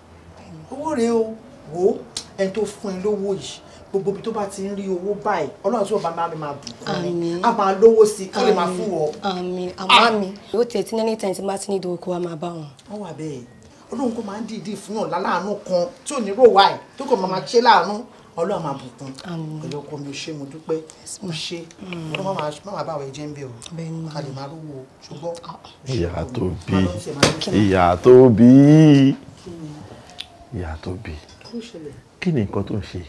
owó rèé o wò ó ẹni tó fún ẹ lówó yìí gbogbo ibi tó bá ti ń rí owó báyìí ọlọ́run tí ọba máa máa bùkún ni a máa lówó sí i kí lè máa fún ọ. àmín ah. àmọ́ mi yóò tẹ̀ tí nẹ́ni tẹ̀ tí bá ti ní ìdòwò kó wa máa bá wọn. wọ́n wà bẹ́ẹ̀ ọlọ́run kò máa ń dìídì fún yàn láláàánú kan tí ò ní rò wáyé tó kàn máa ṣe láàánú ọlọ́run máa bùkún ọlọ́kọ mi ò ṣe mo dúpẹ́ mo ṣe mm. ọlọ́run má máa bá àwọn ẹ̀jẹ̀ ń bẹ̀ o a lè máa rówó ṣùgbọ́n. Ah. ìyá tó bí ìyá tó bí ìyá tó bí kí ni nǹkan tó ń ṣe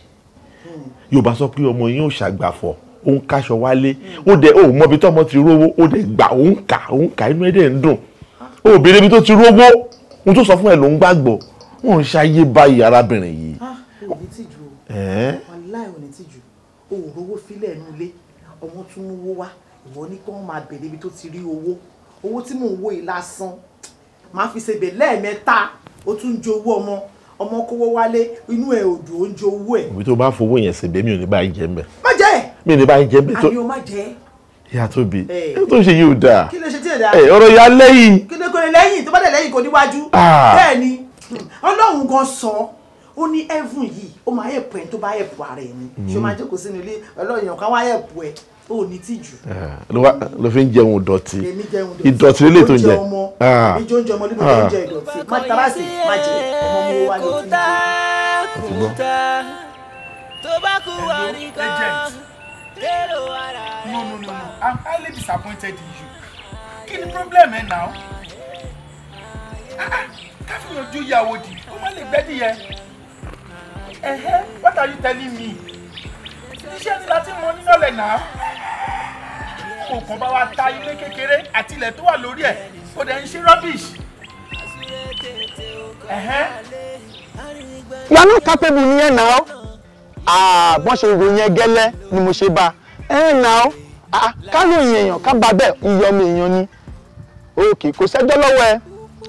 hmm. yorùbá sọ pé ọmọ yín ò ṣàgbàfọ̀ ó ń káṣọ wálé ó dẹ ó mọbi tó ọmọ ti rówó ó dẹ gbà ó ń kà ó ń kà inú ẹ̀ dẹ̀ ń dùn ah. ó béèrè ibi tó ti rówó ohun tó sọ fún ẹ ló ń gbàgbọ́ wọn ń ṣayé báyìí arábìnrin yìí. Ah ò ní tìjú o wàláì ò ní tìjú o ò rówó filẹ̀ ẹnu ilé ọmọ tún ń wó wá ìwọ ní kí wọ́n máa bèrè ibi tó ti rí owó owó tí mò ń wó yìí lásán màá fi ṣe bẹ̀ lẹ́ẹ̀mẹ́ta ó tún ń jowó ọmọ ọmọ kówó wálé inú ẹ̀ ò ó ń jowó ẹ̀. òbí tó bá fowó yẹn ṣe bẹ́ẹ̀ mi ò ní bá jẹ́ mbẹ́. má jẹ́ mi ò ní bá jẹ́ mbẹ́ tó. má jẹ́ ìyá tó bi ẹ tó ṣe yìí ò dáa kí ló ṣe tí ò dáa ọ̀rọ̀ ìyá lẹ́yìn. kí ló kọ́ lẹ́yìn tó bá dẹ̀ lẹ́yìn kò níwájú. Ah. bẹ́ẹ̀ ni ọlọ́run gan sọ ó ní heaven yìí ó máa help ẹni tó bá help ara ẹni ṣé o máa mm. jókòó sínú ilé ọlọ́yìn ọ̀kan wá help ẹ ó ní tìjú. Eh, ló fi ń jẹun ìdọ̀tí ìdọ̀tí lélẹ̀ tó ń jẹ. mi ọmọ lóbi ah. tó ń jẹ ìdọ̀tí ah. má tabasi má ọmọ mi wá lọ sí i. tó bá kú wà nìkan lérò ara rẹ̀. no no no i'm highly disappointed in you kí ni problem ẹ náà ah, káfíńyàn ìyàwó di kó má lè gbẹ́dìyẹ. Uh-huh. What are you telling me? Iṣẹ́ ni láti mọ nínọ́lẹ̀ náà. Òkun bá wa ta ilé kékeré àti ilẹ̀ tó wà lórí ẹ̀. Ó dẹ̀ Uh huh. You are not capable nìyẹn náà. Àbọ̀n ṣe ìròyìn ẹgẹ́lẹ́ ni mo ṣe bá. Ẹ náà kálóyìn èèyàn ká bá bẹ́ẹ̀ ìyọmọ èèyàn ni. Òkè kò sẹ́jọ́ lọ́wọ́ ẹ.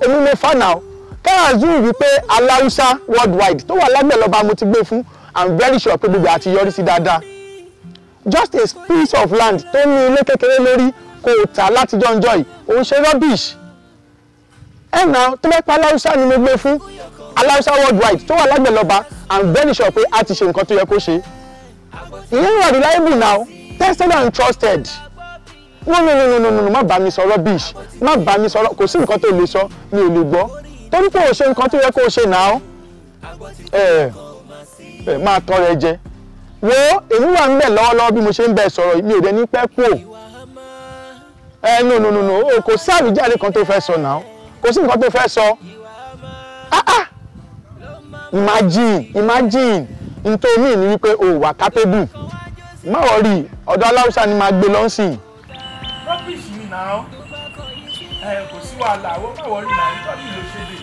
Èmi mo fà náà. Karazuo wípé aláùsá worldwide tó wà lágbẹ̀lọ́ba mo ti gbé fún i'm very sure pé gbogbo àti yọrí sí dáadáa just a piece of land tó ní ilé kékeré lórí kò tà láti jọ́njọ́ yìí òun ṣe rubbish ẹ̀nà tó bẹ́ẹ̀ pa aláùsá ni mo gbé fún aláùsá worldwide tó wà lágbẹ̀lọ́ba i'm very sure pé a ti ṣe nǹkan tó yẹ kó ṣe ìyẹn wà reliable now tested and trusted no no no no no no má bá mi sọ rubbish má bá mi sọ kò sí nǹkan tó lè sọ mi ò lè gbọ́ torí pé o ṣe nǹkan tó yẹ kó o ṣe náà ẹ ẹ máa tọrọ ẹ jẹ wo èmi wà ń bẹ lọ́wọ́lọ́wọ́ bí mo ṣe ń bẹ sọ̀rọ̀ mi ò dé ní pẹ́ kú o ẹ no no no no o kò sí àwíjàre kan tó fẹ́ sọ náà kò sí nǹkan tó fẹ́ sọ ah ah imagine imagine nítorí mi ni wípé o wà capable má wọ rí ọ̀dọ̀ aláwùsá ni máa gbé lọ́nsìn. rọ́bìṣì ni náà ẹ kò wàhálà àwọn máa wọrí náà nígbà tí ló ṣe lè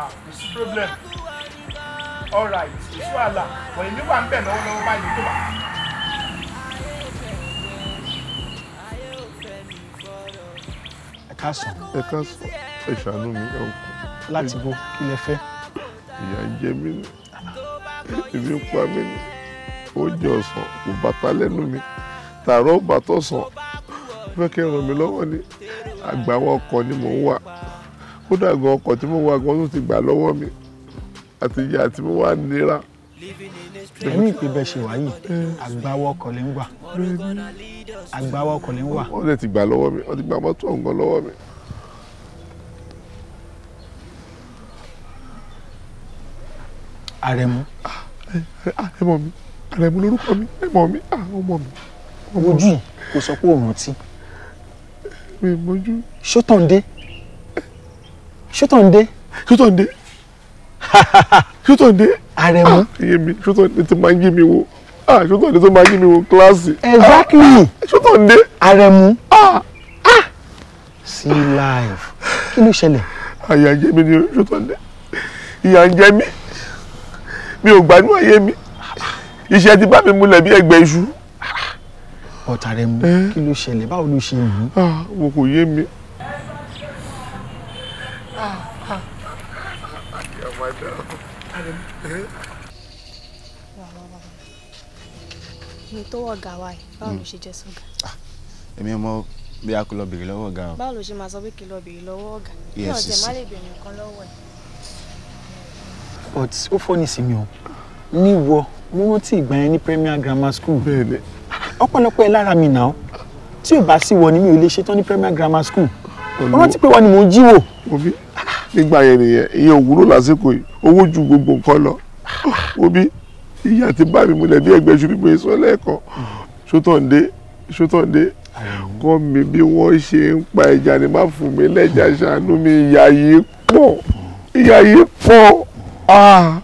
ah kò problem all right kò sí wàhálà wọ̀nyí mi wà ń bẹ̀ lọ́wọ́lọ́wọ́ báyìí tó wà. ẹ káàsán. ẹ káàsán ẹ ṣàánú mi ẹ kú. láti bo kí lẹ fẹ́. ìyà ń jẹ mí ni ebi ń pa mí ni oúnjẹ ọ̀sán kò bàtà lẹ́nu mi tààrọ̀ bàtọ̀ sàn fẹ́ kẹ́ ràn mí lọ́wọ́ ni àgbáwọ́ ọkọ̀ ni mò ń wà kódà gan ọkọ̀ tí mo wà gan tó ti gbà lọ́wọ́ mi àti ìyá tí mo wà nira. ẹ̀mí ìpébẹ̀ ṣe wáyé àgbáwọ́ ọkọ̀ lè ń wà àgbáwọ́ ọkọ̀ lè ń wà. wọ́n lè ti gbà lọ́wọ́ mi wọ́n ti gbà mọ́tò ọ̀gán lọ́wọ́ mi. àrẹ̀mú. ẹ̀mọ̀ mi àrẹ̀mú lórúkọ mi ẹ̀mọ̀ mi ọmọ mi. ojú kò sọ pé òun rántí mi ìmọ̀jú. ṣótọ̀ǹdé ṣótọ̀ǹdé. ṣótọ̀ǹdé ṣótọ̀ǹdé. àrẹ̀mú. Ah, iye mi ṣótọ̀ǹdé ti máa ń yí mi wo ṣótọ̀ǹdé tó máa ń yí mi wo ah, kíláàsì. exactly. Ah, ṣótọ̀ǹdé. àrẹ̀mú. see life kí ló ṣẹlẹ̀. àyà ń jẹ mi ni ṣótọ̀ǹdé ìyà ń jẹ mi mi ò gbádùn ayé mi iṣẹ́ ti bá mi múlẹ̀ bí ẹgbẹ́ iṣu ọ̀tà rẹ mú kí ló ṣẹlẹ̀ báwo ló ṣe mú. Ah, mo kò yé mi. mi tó wọ̀ gàwa ẹ̀ báwo ló hmm. ṣe jẹ́ sọ́gà. Ah, èmi ọmọ bí a kò lọ bèrè lọ́wọ́ ọ̀gá o. báwo ló ṣe máa sọ pé kí lọ bèrè lọ́wọ́ ọ̀gá. yẹ́sì sí. ọ̀tẹ̀ má lè bèrè nǹkan lọ́wọ́ ẹ̀. but ó fọ́ ní sinmi o níwọ mo rántí ìgbà yẹn ní Premier Grammar School ọ̀pọ̀lọpọ̀ ẹ lára mi náà tí ò bá sí wọ ni mi ò lè ṣetán ní Premier Grammar School mo rántí pé wọ́n ni mò ń jíwò. nígbà yẹn nìyẹn ìyẹn òwúrò lásìkò yìí owó ju gbogbo nǹkan lọ obi ìyá ti bá mi múlẹ̀ bí ẹgbẹ́ ṣubú pé sọ lẹ́ẹ̀kan ṣótọ̀ǹde ṣótọ̀ǹde kọ́ mi bí wọ́n ṣe ń pa ẹja ni má fún mi lẹ́jà ṣàánú mi ìyá yìí pọ̀ ìyá yìí pọ̀. Ah!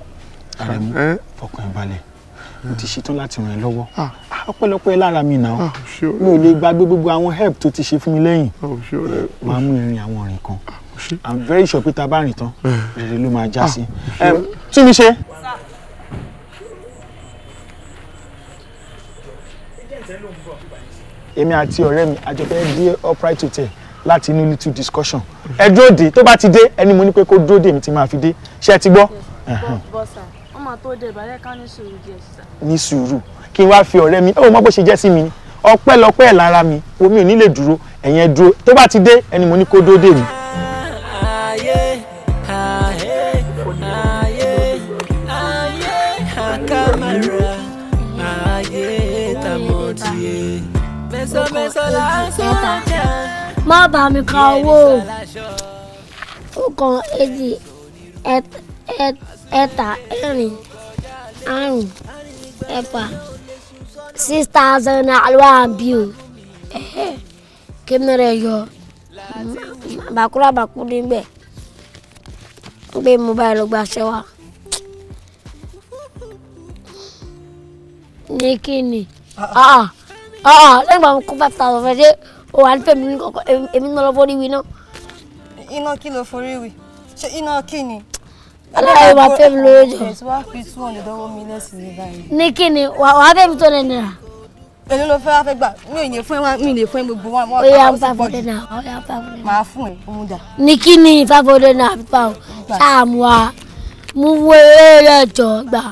fọkàn ẹ balẹ̀ mo ti ṣetán láti ràn ẹ́ lọ́wọ́ ah. Ah, ọpẹ́lọpẹ́ lára mi náà ah, mi ò lè gbàgbé gbogbo àwọn help tó ti ṣe fún mi lẹ́yìn máa mú irin àwọn ọ̀rìn kan i'm very sure pé tá a tán eh. rere ló máa já sí tún mi ṣe. èmi àti ọ̀rẹ́ mi a dé upright hotel láti inú little discussion mm-hmm. ẹ dúró dé tó bá ti dé ẹni mo ní pé kó dúró dé mi ti máa fi dé ṣé ẹ ti gbọ́. bọ́sà máa tó dé ìbáyẹ ká ní sùúrù díẹ̀ sísá. ní sùúrù kí n wá fi ọ̀rẹ́ mi ó mọ ṣe jẹ́ sí mi ọpẹ́lọpẹ́ lára mi omi ò ní lè dúró ẹ̀yìn dúró tó bá ti dé ẹni mo ní kó dó dé mi. má bá mi ka owó ó kàn éjì ẹ̀ta ẹ̀ta ẹ̀rin àrún ẹ̀fà six thousand àlọ́ àbí o kémìrẹ̀ yọ bàkúrà bàkú níbẹ̀ gbé mobile ló gbaṣẹ́ wa. ní kíni lẹ́yìn bá mo kó five thousand fẹ́ ṣé o wà ní fẹ́mi ní kọ̀ọ̀kan èmi ní mo lọ forí wi náà. iná kí ló forí wi ṣé iná kí ni aláàyè wa fẹ́ mi lówó jọ. èso wá fi two hundred ọwọ́ mi lẹ́sìn ní báyìí. ní kíni wà á fẹ́ mi tó lẹ́ nira. èló ló fẹ́ wá fẹ́ gbà mí ò yẹ fún ẹ mi lè fún ẹ gbogbo wọn. ó yà five hundred naira ó yà five hundred naira. màá fún ẹ òun dà. ní kíni five hundred naira fi pa o sáàmù wa mú wo eré rẹ jọ gbà.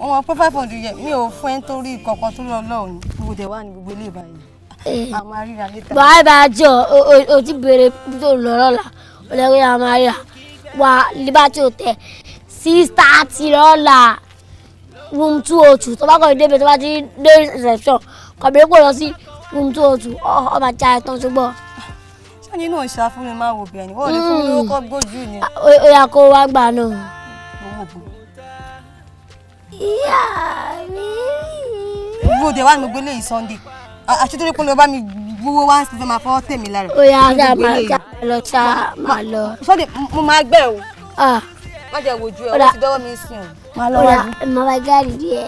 wọn pé five hundred yẹ mi ò fún ẹ nítorí kọ̀ọ̀kan tó lọ lọ́hùn-ún gbogbo tẹ̀ wá ní gbogbo ilé ìbáyìí. àwọn eh. aríra níta. bàbá àjọ òtí bèrè tó lọ lọ́la ọ̀lẹ́gbẹ̀rẹ̀ àwọn aríra wa Liberty Hotel six thirty lọ́la room two oh two tó bá kọ́ ìdébẹ̀ tó bá ti dé reception kọ̀bìnrin kò lọ sí room two oh two ọba ìjà ẹ̀tàn ṣùgbọ́n. sani náà ṣá fún mi máa wò bí ẹni wọ́n lè fún mi lórúkọ gbójú ni. Mm. ó yá kó wá gbà náà. ìyá mi. ìwúrò dé wá ní gbogbo eléyìí Sunday àti tó lè kó lọ bá mi gbowó wá sí fẹ́ máa fọwọ́ tèmi lára. ó yà á dà máa já lọ tá máa lọ. sọ́dẹ̀ mo máa gbẹ̀ o. má jẹ́ wojú ẹ̀ o ti dọ́wọ́ mi sìn o. máa lọ wájú. mo máa gáàrí díẹ̀.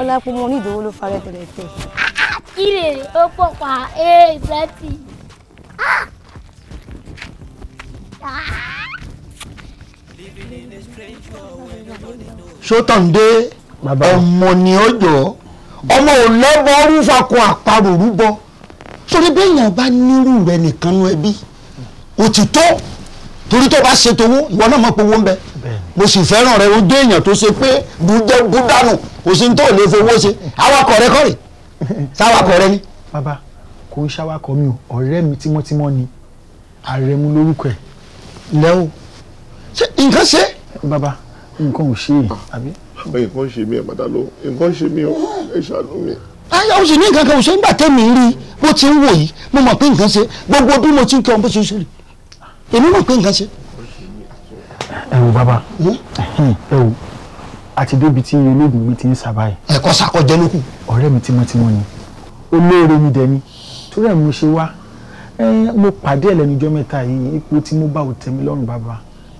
ọlápọ̀ mo ní ìdòwó ló farẹ́ tẹ̀lé tẹ̀. ìrèrè ó pọ̀ pa ẹ̀ẹ́dẹ́tì. Ah! sótàǹdé ọmọ ni ó jọ ọmọ ò lẹ́bọ̀ rúfakun àparò rúbọ sórí béèyàn bá nírú rẹ nìkan nú ẹbí òtítọ́ torí tó bá ṣètò owó ìwọ náà mọ̀ pé owó ń bẹ mo sì fẹ́ràn rẹ o dé èèyàn tó ṣe pé bùjẹ́ bùdánù kò sí tó lè fowó ṣe awakọ̀ rẹ kọ́ rè sáwakọ̀ rẹ ni. bàbá kò ń ṣàwakọ̀ mi o ọ̀rẹ́ mi tímọ́tímọ́ ni àrẹ̀mú lórúkọ ẹ̀. lẹ́wọ̀n ṣé nǹkan ṣe. baba nǹkan ò ṣe yìí àbí. bàbá nǹkan ṣe mí ẹ̀ pátá ló nǹkan ṣe mí o ẹ ṣàánú mi. ayé o sì ní nǹkan kan ò ṣe nígbà tẹ́mi rí bó ti ń wò yìí mo mọ̀ pé nǹkan ṣe gbogbo bí mo ti ń kí ọ bó ṣe ń ṣe rè èmi mọ̀ pé nǹkan ṣe. ẹ wo bàbá hm? ẹ wo àti débi tí olóògùn mi ti ń sábà yìí. ẹ̀kọ́ sàkọjẹ́ ló kù. ọ̀rẹ́ mi tímọ́tímọ́ ni olóore mi dẹ̀ ni torí ẹ̀ mo ṣe wá mo pàdé ẹ̀ lẹ́nu ọjọ́ mẹ́ta yìí ipò tí mo bá ò tẹ́ lọ́rùn bàbá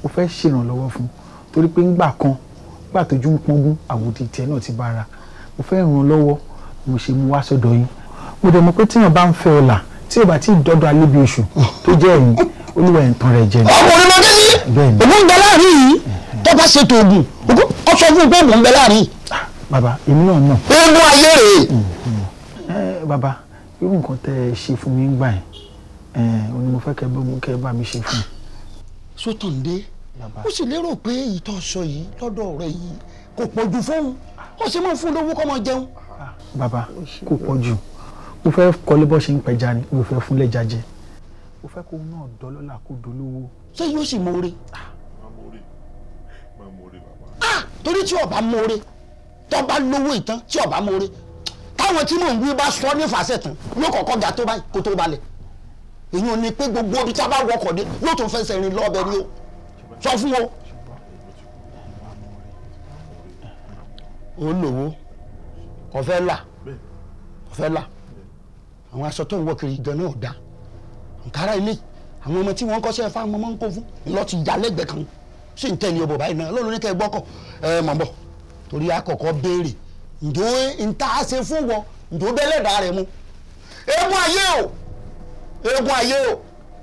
o fẹ́ ṣèrànlọ́wọ́ fún torí pé ńgbà kan gbà tójú ń pọ́ngún àwòdì tiẹ̀ náà ti bára mo fẹ́ ràn lọ́wọ́ mo ṣe mú wá sọ́dọ̀ yín mo dẹ̀ mọ̀ pé tíyàn bá ń fẹ́ ọ̀la tí o bá tí ì dọ́dọ̀ alébi oṣù tó jẹ́ ẹ̀yìn olúwa ẹ̀ ń tan rẹ̀ jẹ ni. ọmọ orin ọdẹ yìí òun ń bẹ láàrin yìí tó bá ṣètò oògùn ó sọ fún un pé mò ń bẹ láàrin. Ah, bàbá èmi náà nà. ó mú ayé rè é. bàbá irú nǹkan tẹ ṣe fún mi ń gbà yẹn òun ni mo fẹ́ kẹ́ bá mi ṣe fún un. Sótúndé ó sì lérò pé èyí tó sọ yìí lọ́dọ̀ rẹ̀ yìí kò pọ̀jù fóun ó sì máa fún lówó kó máa jẹun. bàbá kò pọ̀jù mo fẹ́ kọ́lé bọ́ ṣe ń pẹja ni mo fẹ́ fún lẹ́ja jẹ mo fẹ́ kóun náà dọ́lọ́lá kó dolówó. ṣé yóò sì mọ̀ọ́rẹ́. Ah, ah, torí tí ọba mọ̀ọ́rẹ́ tó bá lówó ìtàn tí ọba mọ̀ọ́rẹ́ táwọn tí mò ń wí bá sọ ní fàṣẹ tán yóò kọ́kọ́ ga tó báyìí kó tó balẹ̀ èyí ò ní pé gbogbo ibi tí a bá wọkọ̀ dé yóò tún fẹsẹ̀ rìn lọ́ọ̀bẹ ni o sọ fún o. ó lówó ọ̀fẹ́ là ọ̀fẹ́ là àwọn aṣọ tó ń wọ kiri gan náà dá nkárá ilé àwọn ọmọ tí wọ́n kọ́ṣẹ́ fáwọn ọmọ ń kó fún lọ́ọ́ ti yà lẹ́gbẹ̀ẹ́ kan sì ń tẹ̀lé ọbọ̀ báyìí náà lọ́ọ́ ní kẹ́ ẹ gbọ́kọ̀ ẹ mọ̀ bọ̀ torí àkọ́kọ́ béèrè ǹdó ń ta ṣe fún wọn ǹdó bẹ́lẹ̀ dà rẹ̀ mu ewu ayé o eégún ayé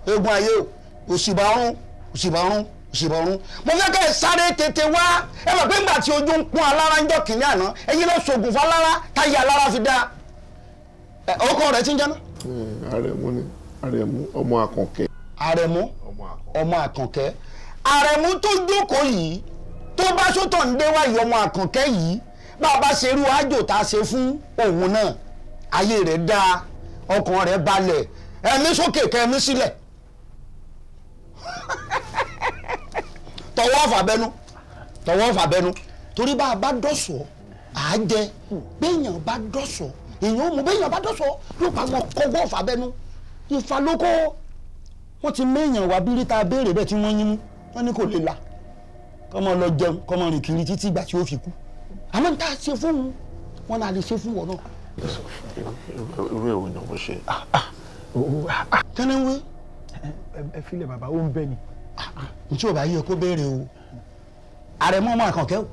o eégún ayé o òṣìbà ọ̀run òṣìbà ọ̀run òṣìbà ọ̀run mo fẹ́ kẹ́ ẹ sáré tètè wá ẹ mọ̀ pé ńgbà tí ojú ń pọ́n alára ńjọ́ kìnìún àná ẹ̀yin ló ṣoògùn fún alára táyé alára fi dáa ọkọ rẹ̀ ti ń jẹ́ náà. àrẹ̀mú hmm, ni àrẹ̀mú ọmọ àkànkẹ́. àrẹ̀mú ọmọ àkànkẹ́ àrẹ̀mú tó jókòó yìí tó bá sótọ̀ ń dé wáyé ọmọ àkànkẹ́ yìí bá a bá ṣe irú àjò tá a ṣe fún òun náà ayé rẹ̀ dáa ọkàn rẹ̀ balẹ̀ ẹ̀mí sókè kẹ́mi sílẹ̀ tọwọ́ fàbẹ́nu tọwọ́ fàbẹ́nu torí bá a bá dọ̀sọ̀ à á jẹ béèyàn bá dọ̀sọ̀ èèyàn mú béèyàn bá dọ̀sọ̀ yóò pa wọn kọ́wọ́ fàbẹ́nu ìfàlókò wọ́n ti méèyàn wá bírí ta béèrè bẹ́ẹ̀ tí wọ́n yín mú wọ́n ní kò lè la kọ́mọ lọ jẹun kọ́mọ rìn kiri títí ìgbà tí ó fi kú àmọ́ níta ṣe fún wọn wọn là lè ṣe fún wọn náà. irú èrò ni wọ́n ṣe ah, ah tẹ́lẹ̀ ń wí. ẹ filẹ̀ bàbá ó ń bẹ ni. ntí o bá yẹ kó béèrè o àrẹ̀mọ́ ọmọ àkànkẹ́ o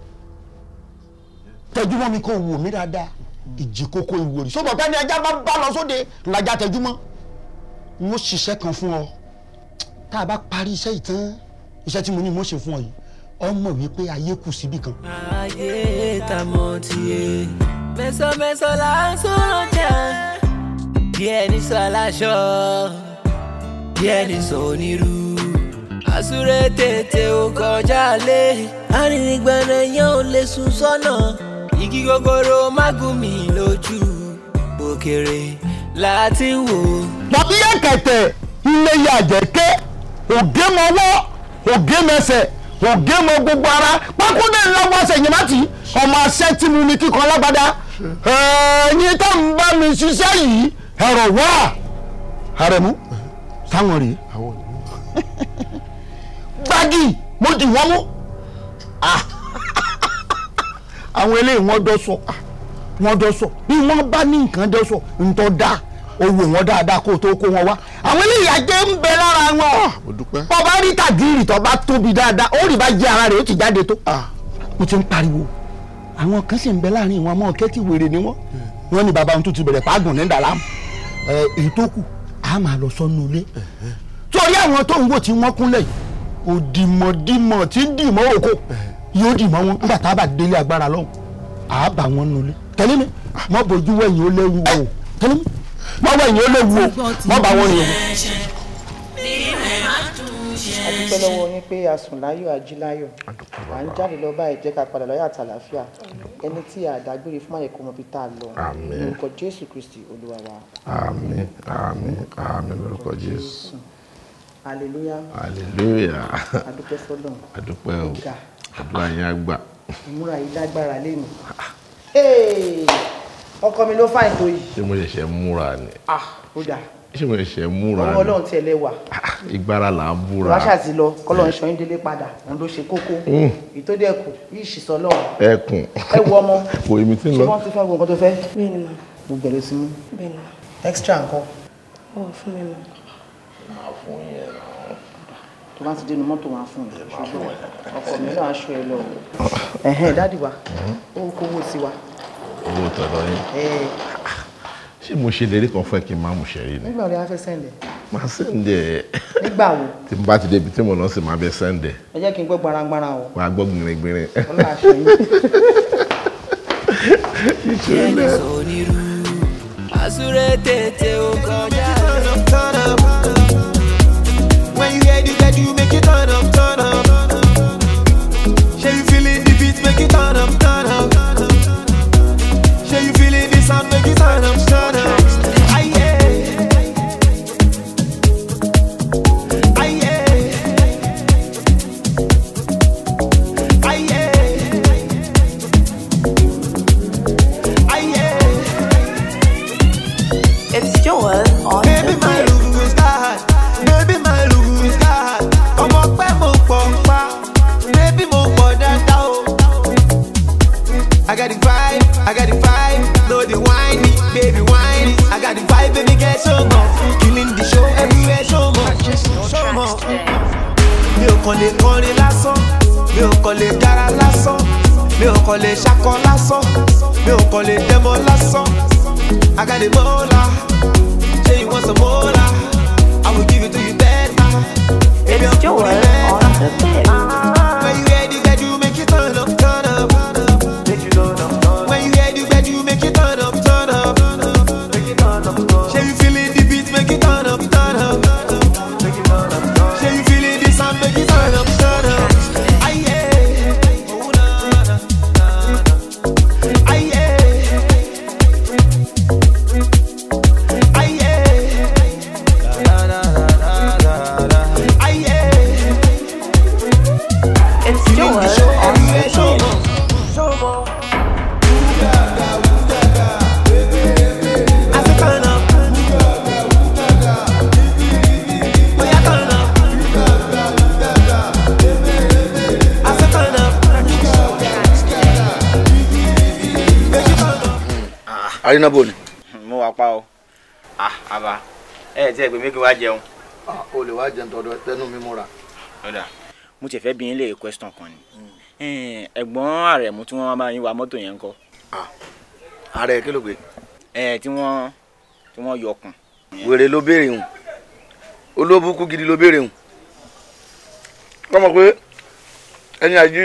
tẹjú mọ́ mi kó wò mí dáadáa ìjì kókó ìwòrì sọ́bọ̀ pé ní ajá bá bá lọ sóde làjà tẹjú mọ́ n ó ṣiṣẹ́ kan fún ọ tá a bá parí iṣẹ́ ìtàn iṣẹ́ tí mo ní mo ṣe fún ọ yìí ọmọ wípé ayé kù síbì kan. ayé ta mọ̀ tiẹ̀ mẹ́sàn-mẹ́sàn là ń sọ̀rọ̀ jẹ́. díẹ̀ ní sọ́láṣọ́ díẹ̀ sọ sọ́nirú àsúré tètè ó kọjá lé arìnrìngbọ̀nà yẹn ò lè sùn sọ́nà igi gogoro mágùnmí lójú òkèrè láti wò. bàbíyà kẹ̀tẹ̀ ilé yà jẹ́kẹ́ ògémọwọ́ ògémẹsẹ̀ ògémọ gbogbo ara pákúndé ńlọ́wọ́ sẹ̀yìn mátì ọmọ asẹ́tìmù ni kíkan lágbádá ẹ̀ẹ́yìn tó ń bá mi ṣiṣẹ́ yìí ẹ̀rọ wá haremu sáwọn rèé gbági mo dì wọ́n mú ah. àwọn eléyìí wọ́n dọ́ sọ ah. wọ́n dọ́ sọ bí wọ́n bá ní nǹkan dọ́ sọ ntọ́ dáa owó wọn dáadáa kó tó kó wọn wá àwọn eléyà jẹ ń bẹ lára wọn ah, bọba rí tàdírì tó bá tóbi dáadáa ó rí bá jẹ ara rẹ ó ti jáde tó. mo ti ń pariwo àwọn kan sì ń bẹ láàrin ìwọn ọmọ kẹ́tì wèrè ni wọ́n hmm. wọ́n ní baba ntútù bẹ̀rẹ̀ pàágùn ní dàlám èyí tó a máa lọ sọ́nù ilé torí àwọn tó ń wò tí wọ́n kúnlẹ̀ yìí òdìmọ̀dìmọ̀ tí ń dìmọ̀ òkò yóò dìmọ̀ wọn nígbà tá a bá délé agbára lọ́hùn a bá wọn nulẹ̀ tẹ́lẹ̀ mi mọ bójú wẹ̀yìn ó léwu o tẹ́lẹ̀ mi mọ wẹ̀yìn ó léwu o mọ bá wọn yẹn. a lọ́wọ́ yín pé a sùn láyọ̀ ají láyọ̀ à ń jáde lọ báyìí ká padà lọ́yà àtàlàfíà ẹni tí a dágbére fún àyẹ̀kọ́ ọmọ bíi tá a lọ lórúkọ jésù kristi olúwa wa. àmín àmín àmín lórúkọ jésù. hallelujah. hallelujah. adúpẹ́ fọlọ́n. adúpẹ́ o àdúrà yẹn á gbà. ìmúra yìí lágbára lẹ́nu. Ah, ah. ọkọ mi ló fà ètò yìí. ṣé mo ṣẹ̀ṣẹ̀ múra ni. ah ó dáa ṣé mo ṣe múra ni ọwọ́ ọlọ́run tiẹ̀ lẹ́wà ah, ah, ìgbára là ń búra wáṣà ti lọ eh. kọ́lọ́ ń ṣọyún délé padà òun ló ṣe kókó ìtòdẹ́kù hmm. yìí ṣìṣọ́ lọ́run ẹkùn ẹ wọ ọmọ kò èmi tí ń lọ ṣé wọ́n ti fẹ́ gbọ́ nǹkan tó fẹ́. bẹ́ẹ̀ ni ma mo bẹ̀rẹ̀ sí mú bẹ́ẹ̀ ni extra nǹkan. ọ fún mi ma. máa fún yẹn náà. tó bá ti dénú mọ́tò wàá fún mi ọkọ mi náà aṣọ ẹ lọ. ẹ̀hẹ́n dádì wa hmm. ó kówó ṣé mo ṣe lérí kan fún ẹ kí n máa mú ṣẹ́rí ni. nígbà wo ni wàá fẹ́ sẹ́ǹdẹ̀. máa sẹ́ǹdẹ̀. nígbà wo. tí n bá ti débi tí mo lọ sí máa bẹ sẹ́ǹdẹ̀. ẹ jẹ́ kí n gbọ́ gbarangbara o. wàá gbọ́ gbìnrìngbìnrin. ọlọ́ àṣẹ yìí. ìṣẹ̀lẹ̀. so killing the show everywhere so much, Mi ò kàn lè kọrin lásán, mi ò kàn lè gara lásán, mi ò kàn lè ṣakọ lásán, mi ò kàn lè dẹ́mọ lásán. I got it mola, say you I will give it to you better. It's Joel on the bed. wá jẹun. Ah, o lè wá jẹun tọdọ tẹnu mi múra. mo ti fẹ́ bí yín léèrè question kan ni eh, ẹ̀gbọ́n àrẹ̀mú tí wọ́n máa ń wa mọ́tò yẹn ń kọ́. ààrẹ ah, kí ló gbé. ẹ eh, tí wọ́n tí wọ́n yọ ọkàn. wèrè ló béèrè hùn olóbùkún gidi ló béèrè hùn kọ́mọ pé ẹni àjí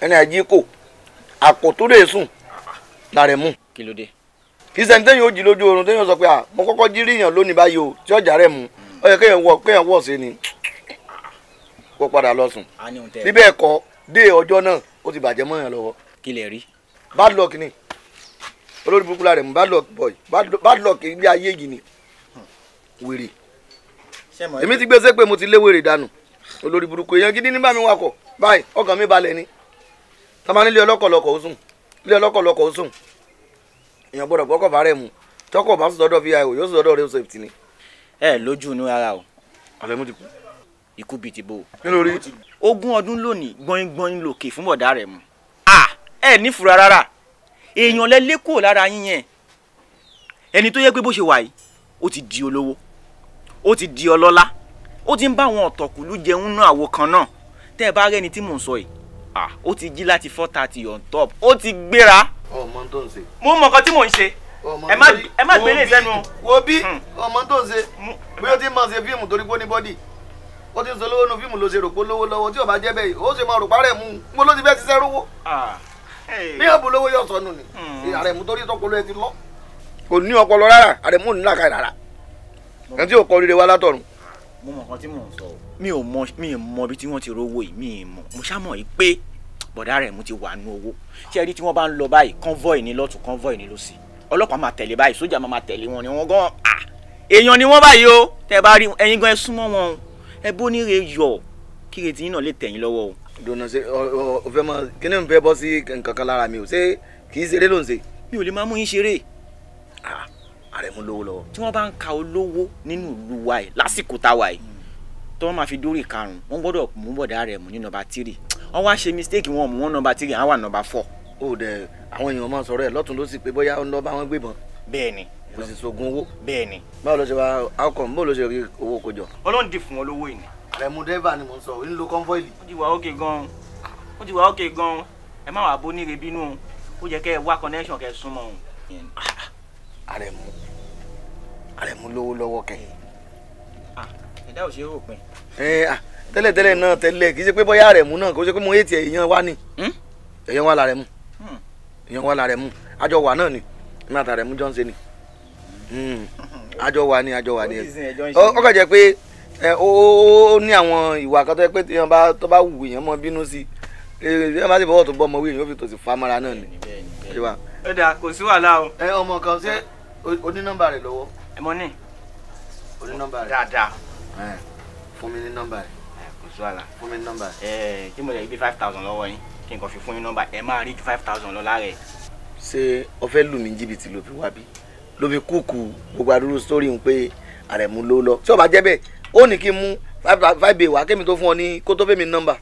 ẹni àjí kò àpò tó lè sùn làrẹ̀ mú. kí ló dé kì í sẹ́ni téèyàn ó jí lójú oorun téèyàn sọ pé à mo kọ́kọ́ jí ríyàn lónìí báyìí o tí ọjà rẹ̀ mu ó yẹ kéèyàn wọ̀ kéèyàn wọ̀ sí ni kó padà lọ sùn bíbẹ̀ ẹ̀kọ́ dé ọjọ́ náà ó ti bàjẹ́ mọ́yàn lọ́wọ́. kí rí. bad luck ni olórí burúkú la rẹ̀ bad luck boy bad luck bí ayé yìí ni wèrè èmi ti gbèsè pé mo ti lé wèrè dànù olórí burúkú èèyàn gidi ní bá mi wakọ̀ báyìí ọkàn mi balẹ̀ ni tamani lé ọlọ́kọ̀lọ́kọ̀ èèyàn gbọ́dọ̀ gbọ́kọ̀ bá rẹ̀ mu tọkọ̀ bá sùn dọ́dọ̀ vi yóò sùn dọ́dọ̀ rẹ̀ safety ni. ẹ lójú inú ara o. àlẹ́mú ti kú. ikú bíi ti bò. nítorí. ogún ọdún lónìí gbọ́n gbọ́n lòkè fún bọ̀dá rẹ̀ mu. a ẹ nífura rárá èèyàn lẹ lé kúrò lára yín yẹn ẹni tó yẹ pé bó ṣe wà yìí ó ti di olówó ó ti di ọlọ́lá ó ti ń bá àwọn ọ̀tọ̀kùlú jẹun náà àwo kan náà tẹ́ ẹ bá rẹ́ni tí mò ń sọ yìí ó ti jí láti four thirty on top ó ti gbéra ọmọ tó ń ṣe. mo mọ nǹkan tí mò ń ṣe ẹ má gbélé sẹ́nu. wo bí ọmọ hmm. tó ń ṣe bí ó ti máa ṣe fíìmù torí pé ó ní bọ́dì ó ti ń sọ lówó nu fíìmù ló ṣe rò pé lówó lọ́wọ́ tí ò jẹ́ bẹ́ẹ̀ ó ṣe máa rò parẹ́ mu mo ló ti fẹ́ ṣiṣẹ́ rówó ah, ní ọ̀bùn lówó yóò sọnù ni hmm. àrẹ̀mú torí tọpọlọ ẹ ti lọ. kò ní ọpọlọ rárá àrẹ̀mú ò ní rárá kan tí kọ rere wá látọ̀run. mo mọ nǹkan tí mò ń sọ mi ò mọ ibi tí wọ́n ti rówó yìí mi ì mọ mo ṣá mọ̀ yìí pé bọ̀dá rẹ̀ mú ti wà nú owó ṣé ẹ rí tí wọ́n bá ń lọ báyìí convoy ní lọ́tún convoy ní lọ́sì ọlọ́pàá máa tẹ̀lé báyìí sójà máa tẹ̀lé wọn ni wọ́n gan à èèyàn ni wọ́n báyìí o tẹ́ ẹ bá rí ẹ̀yin gan ẹ súnmọ́ wọn ẹ bó ní re yọ kí retí yín náà lè tẹ̀yìn lọ́wọ́ o. dùnà ṣe ọ fẹ́ mọ kí ni n fẹ́ bọ́ sí kankan lára mi o ṣé kì í ṣeré ló ń ṣe. mi ò lè máa mú yín ṣeré. ààrẹ mú lówó lọ́wọ́. tí wọ́n bá ń ka olówó nínú ìlú wa yìí lásìkò táwa yìí tí wọ́n máa fi dórí karùn-ún wọ́n gbọ́dọ̀ mú bọ̀dá rẹ̀ mú nínú ọba tírì wọ́n wá ṣe mistake wọn mú wọn nọmba three àwọn wà nọmba four. ó dẹ àwọn èèyàn máa ń sọ̀rọ̀ ẹ lọ́tún ló sì pé bóyá ó ń lọ bá wọn gbébọn. bẹ́ẹ̀ni kò sì sògùn owó. bẹ́ẹ̀ni. báwo ló ṣe wá outcome báwo ló ṣe rí owó kójọ. ọlọ́run dì fún wọn lówó ìní. rẹ̀mú dẹ́fà ni mò ń sọ ò ń lo kọ́ńfọ́ìlì. ó ti wà ókè gan-an ó ti wà ókè gan-an ẹ má wàá bó níre bínú o ó yẹ kẹ́ ẹ wá connection kẹ́ ẹ súnmọ́ o. àrẹ̀mú àrẹ̀mú lówó lọ́wọ́ kẹ́. Ah, ẹ̀dá ò ṣe é rò pin. ẹ ah, tẹ́lẹ̀tẹ́lẹ̀ náà tẹ́lẹ̀ kì í ṣe pé bóyá rẹ̀ mú náà kò ṣe pé mo yé tiẹ̀ èèyàn wá ni hmm? èèyàn wá la rẹ̀ mú hmm. èèyàn wá la rẹ̀ wà náà ni ní àtà rẹ̀ mú jọ́ ń ṣe ni àjọ hmm. wà ni àjọ wà ni jẹ́ pé ó ní àwọn ìwà kan tó yẹ pé tó bá wù mọ́ bínú sí i bá bọ́ ọmọ wàhálà. fún mi nọ́mbà. ẹ tí mo lè gbé five thousand lọ́wọ́ yín kí n kàn fi fún yín nọ́mbà ẹ máa rí ju five thousand lọ lára ẹ. ṣé o fẹ́ lù mí jìbìtì ló fi wá bí ló fi kúùkù gbogbo àdúró sórí ń pé àrẹ̀mú ló lọ tí ó bá jẹ́ bẹ́ẹ̀ ó ní kí n mú five bay wá kémi tó fún ọ ní kó tó fẹ́ mi nọ́mbà.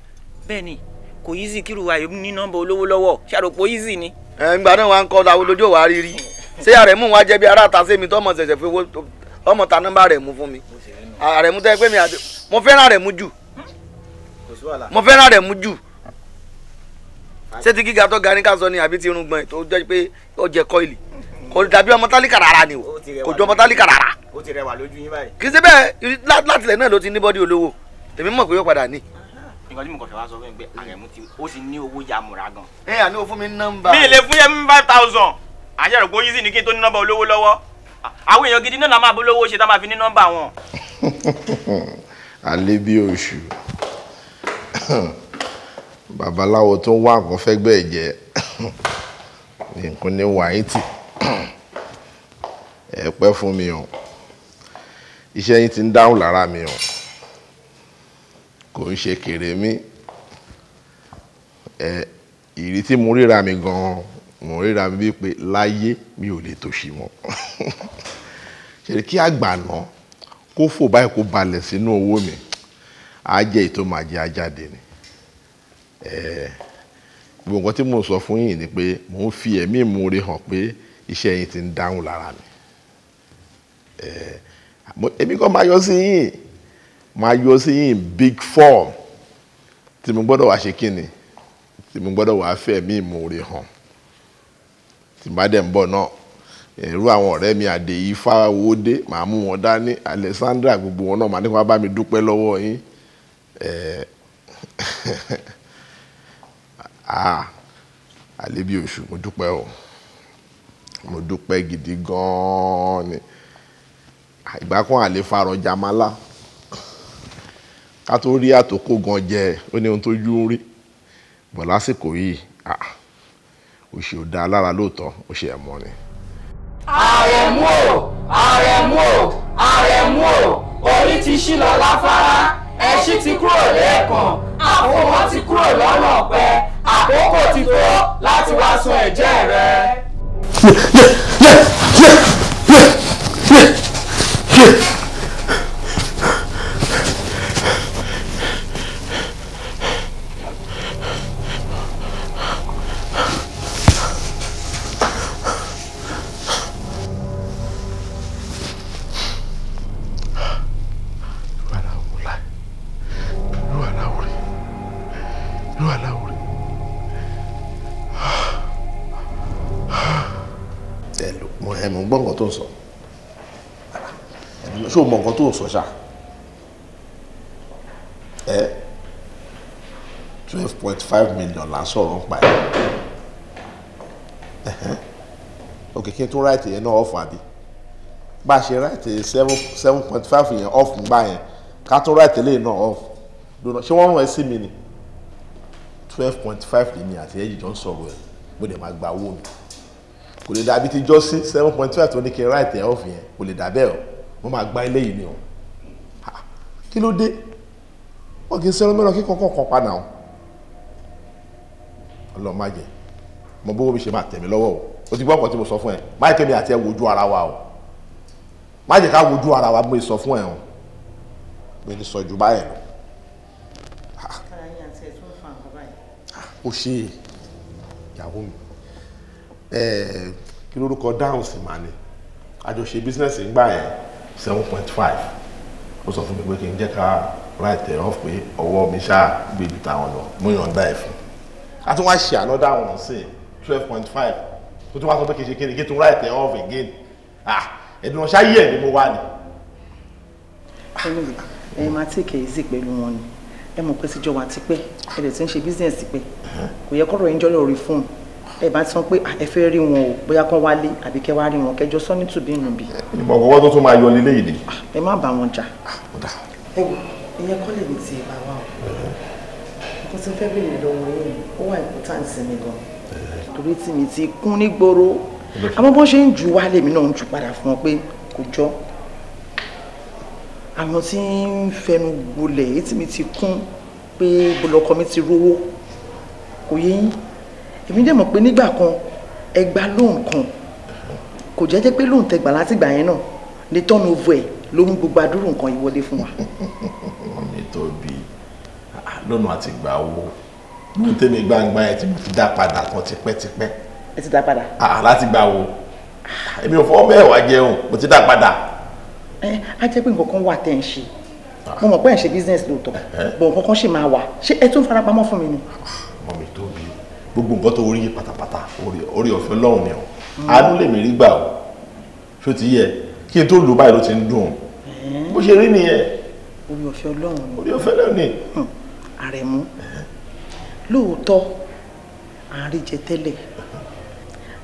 bẹ́ẹ̀ni kò yí sí kíru ayé ní nọ́mbà olówó lọ́wọ́ ṣàròpọ̀ yí sí ni. ẹ ìgbà náà wà ń kọ lójú wa rírí ṣé àrẹ̀mú wa jẹ́ bí ará àtàsẹ́mi tó ọmọ ṣẹ̀ṣẹ̀ fi ọmọ ta nọ́mbà rẹ̀ mú fún mi àrẹ̀mú tẹ́ pé mi àti mo fẹ́ràn àrẹ̀mú jù mo fẹ́ràn rẹ̀ mú jù ṣé ti gíga tó ga ní ká sọ ni àbí ti irun gbọ̀n tó jẹ́ pé ó jẹ kọ́ìlì kò dàbí ọmọ tálíkà rárá ni o kò jọ ọmọ tálíkà rárá. ó ti rẹwà lójú yín báyìí. kì í ṣe bẹ́ẹ̀ látìlẹ̀ náà ló ti ní bọ́dí olówó èmi mọ̀ pé yóò padà ní. nǹkan tí mo kàn fẹ́ wá sọ fún mi pé àrẹ̀mú ti ó ti ní owó ya múra gan. ẹ àní o fún mi nọ́mbà. mi ì lè fún yẹn five thousand àṣẹ rẹ̀ kó yí sí ni kí n tó ní nọ́mbà olówó lọ́wọ́ àwọn èèyàn gidi náà máa bó lówó ṣe tá máa fi ní nọ́mbà wọn. àlébí oṣù. babaláwo tó ń wá nǹkan fẹ́gbẹ́ ẹ̀jẹ̀ nǹkan ní wáìtì ẹ pẹ́ fún mi o iṣẹ́ yín ti ń dáhùn lára mi o kò ń ṣe kéré mi ẹ ìrí tí mo ríra mi gan-an mo ríra mi bíi pé láyé mi ò lè tòṣì mọ́ ṣe kí àgbà náà kó fò báyìí kó balẹ̀ sínú owó mi ajẹ́ ètò máa jẹ ajáde ni gbogbo nǹkan tí mo sọ fún yín ni pé mò ń fi ẹ̀mí ìmoore hàn pé iṣẹ́ yín ti ń dáhùn lára mi èmi kàn máa yọ sí yín máa yọ sí yín big form tí mo gbọ́dọ̀ wá ṣe kí ni tí mo gbọ́dọ̀ wá fẹ́ ẹ̀mí ìmoore hàn tí n bá dẹ̀ ń bọ̀ náà irú àwọn ọ̀rẹ́ mi àdèyí fáwọ́dé màá mú wọn dání Alexandra gbogbo wọn náà màá ní kó bá mi dúpẹ́ lọ́wọ́ yín. Eh, ah, àlébi oṣù mo dúpẹ́ o. Mo dúpẹ́ gidi gan ni. Ìgbà kan a lè farọjà málá. Ká tó rí àtòkò gan jẹ, ó ní ohun tó jú ń rí. But lásìkò yìí, ah, òṣì ò dáa lára lóòótọ́, ó ṣe ẹ̀mọ́ ni. Àrẹ̀mú o! Àrẹ̀mú o! Àrẹ̀mú o! Orí ti ṣí lọ láfárá ẹṣin ti kúrò lẹ́ẹ̀kan àfòmọ́ ti kúrò lọ́nà ọ̀pẹ àkókò ti tó láti wá sun ẹ̀jẹ̀ rẹ. yeah, yeah, yeah, yeah, yeah, yeah. ṣó mọ nǹkan tó ń sọ ṣá ẹ twelve point five million là ń sọ̀rọ̀ ń pa ẹ̀ òkè kí n tún ráìtì yẹn náà ọ̀fọ̀ àbí bá a ṣe ráìtì seven seven point five yẹn ọ̀fù ń bá yẹn ká tún ráìtì lè náà ọ̀fù dùnà ṣé wọ́n rán ẹ sí mi ni twelve point five lèmi àti ẹ̀yìn jọ ń sọ̀rọ̀ ẹ̀ mo dẹ̀ máa gba owó mi kò lè dàbí ti jọ́sí seven point five tó ní kí n ráìtì ẹ̀ ọ̀fù yẹn kò lè dà bẹ́ẹ̀ mo máa gba eléyìí ni o kí ló dé wọn kì í sẹ́rọ mẹ́rọ kí kankan kan padà o ọlọ́run má jẹ mo bówó mi ṣe máa tẹ̀mí lọ́wọ́ o o ti gbọ́ ọkọ̀ tí mo sọ fún ẹ má jẹ́ kémi àti ẹ wojú ara wa o má jẹ́ ká wojú ara wa mo sọ fún ẹ o mi ni sọ ju báyẹn lọ. ó ṣe ìyàwó mi kí lórúkọ dáhùn sí màá ni àjọṣe bísíǹsì ń gbà yẹn seven point five ó sọ fún mi pé kí n jẹ́ ká right ẹ̀ off pé ọwọ́ mi ṣáà gbé ju tàwọn lọ mo yànda ẹ̀ fún a tún wá ṣe another one sí twelve point five tó tún wá sọ pé kì í ṣe kéde kí n tún right ẹ̀ off again ah ẹ̀dùn ọ̀ṣá yí ẹ̀ ni mo wà ní. ẹ máa tí kì í sì pẹ̀lú wọn ni ẹ mọ̀ pé síjọ́ ti pẹ́ ẹ dẹ̀ ti ń ṣe business ti pẹ́ kò yẹ kọ́rọ̀ ẹ̀ ń jọ́lọ́ orí fóònù ẹ bá sọ pé ẹ fẹ́ rí wọn o bóyá kán wálé àbí kẹ́ wá rí wọn kẹjọ sọ ní tùbí nù bí. ìmọ̀ ọ̀gọ́wọ́ tó tún máa yọ nílé yìí ni. ẹ má bá wọn jà. ẹ wò ìyẹn kọ́ lè ní ti ìbá wa o nǹkan tí ń fẹ́ béèrè lọ́wọ́ yìí ó wà important sí mi gan torí tí mi ti kún nígboro àmọ́ bọ́n ṣe ń ju wálé mi náà ń ju padà fún wọn pé kò jọ àwọn tí ń fẹnu gbolẹ̀ etí mi ti kún pé gbọlọkọ mi ti rówó kò yé yín èmi dẹ̀ mọ̀ pé nígbà kan ẹ gba lóun kan kò jẹ́ jẹ́ pé lóun tẹ gbà láti gbà yẹn náà ní tọ́nu ovo ẹ̀ ló mú gbogbo àdúrò nǹkan yìí wọlé fún wa. nítorí lọ́nà àti gbà owó lóun tẹ́mi gbangba ẹ̀ tí mo ti dá padà kan tipẹ́tipẹ́. ẹ ti dá padà. láti gbà wo èmi ò fọwọ́ bẹ́ẹ̀ wá jẹun mo ti dá padà. ẹ á jẹ́ pé nǹkan kan wà tẹ́ ń ṣe ah. mo mọ̀ pé ẹ̀ ń ṣe business lóòótọ́ bọ̀ nǹkan kan ṣì máa wà ṣé ẹ tún farapamọ́ fún mi ni gbogbo nǹkan tó rí pátápátá orí ọ̀fẹ́ ọlọ́run ni o àánú lèmi rí gbà o ṣó ti yẹ kí n tó lù báyìí ló ti ń dùn bó ṣe rí nìyẹn. orí ọ̀fẹ́ ọlọ́run ni orí ọ̀fẹ́ ọlọ́run ni. àrẹ̀mú lóòótọ́ à ń rí jẹ tẹ́lẹ̀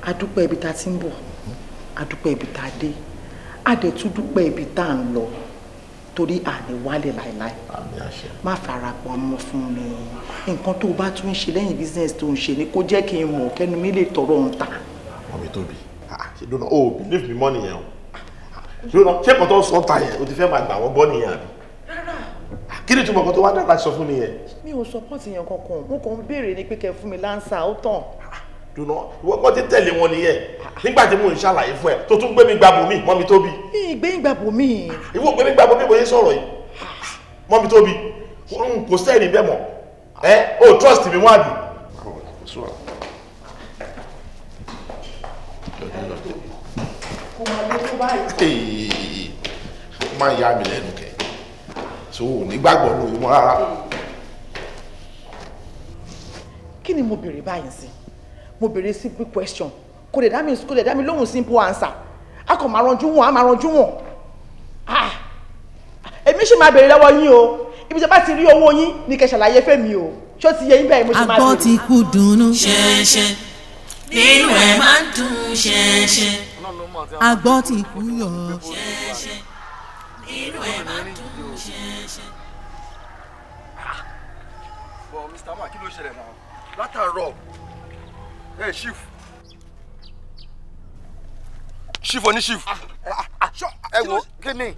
adúpẹ́ ibi tá a ti ń bọ̀ adúpẹ́ ibi tá a dé adẹ̀túndúpẹ́ ibi tá a ń lọ torí àní wálé láìláì má fara pọ̀ mọ́ fún mi nǹkan tó bá tún ń ṣe lẹ́yìn business tó ń ṣe ni kó jẹ́ kí n mọ̀ kẹ́nu mi lè tọrọ ohun ta. mọ̀mí tóbi ṣe dúró náà o believe me money yẹn o dúró náà ṣé kòtò sọ ta yẹn o ti fẹ́ máa gbà wọ́n gbọ́ nìyẹn àbí kí ni túmọ̀ kan tó wá dára sọ fún mi yẹn. mi ò sọ pọ́ǹtì yẹn kankan mo kàn ń béèrè ni pé kẹ́ fún mi láǹsà ó tàn dùnà wọ́n ti tẹ̀lé wọn nìyẹn nígbà tí mò ń ṣàlàyé fún ẹ tó tún gbé mi gba bòmí mọ́ mi tóbi. ìgbé ìgbà bòmí. ìwọ gbé mi gba bòmí bòye sọ̀rọ̀ yìí mọ́ mi tóbi kò sẹ́ẹ̀rì bẹ́ẹ̀ mọ̀ ẹ o trust mi wọ́n àbí. kò máa lè tó báyìí. máa yá mi lẹ́nu kẹ́ so nígbàgbọ́ lóyún rárá. kí ni mo béèrè báyìí sí i mo béèrè simple question kò lè dá mi kò lè dá mi lóhùn simple answer a kò máa ranjú wọn a máa ranjú wọn ah èmi ṣì máa béèrè lọ́wọ́ yín o ibi tí a bá ti rí owó yín ni kẹ́ ṣàlàyé fẹ́mi o ṣé ó ti yẹ yín bẹ́ẹ̀ mo ṣe máa béèrè. àgbọ̀ ti kú dùnú. ṣẹ̀ṣẹ̀ nínú ẹ̀ máa ń dùn ṣẹ̀ṣẹ̀. àgbọ̀ ti kú yọ. ṣẹ̀ṣẹ̀ nínú ẹ̀ máa ń dùn ṣẹ̀ṣẹ̀. Ah! bọ̀ Mr. mark kí ló ṣẹlẹ̀ náà látàárọ̀ ẹ chief chief oní chief ah, eh, ah, ah, ẹ wo kí ni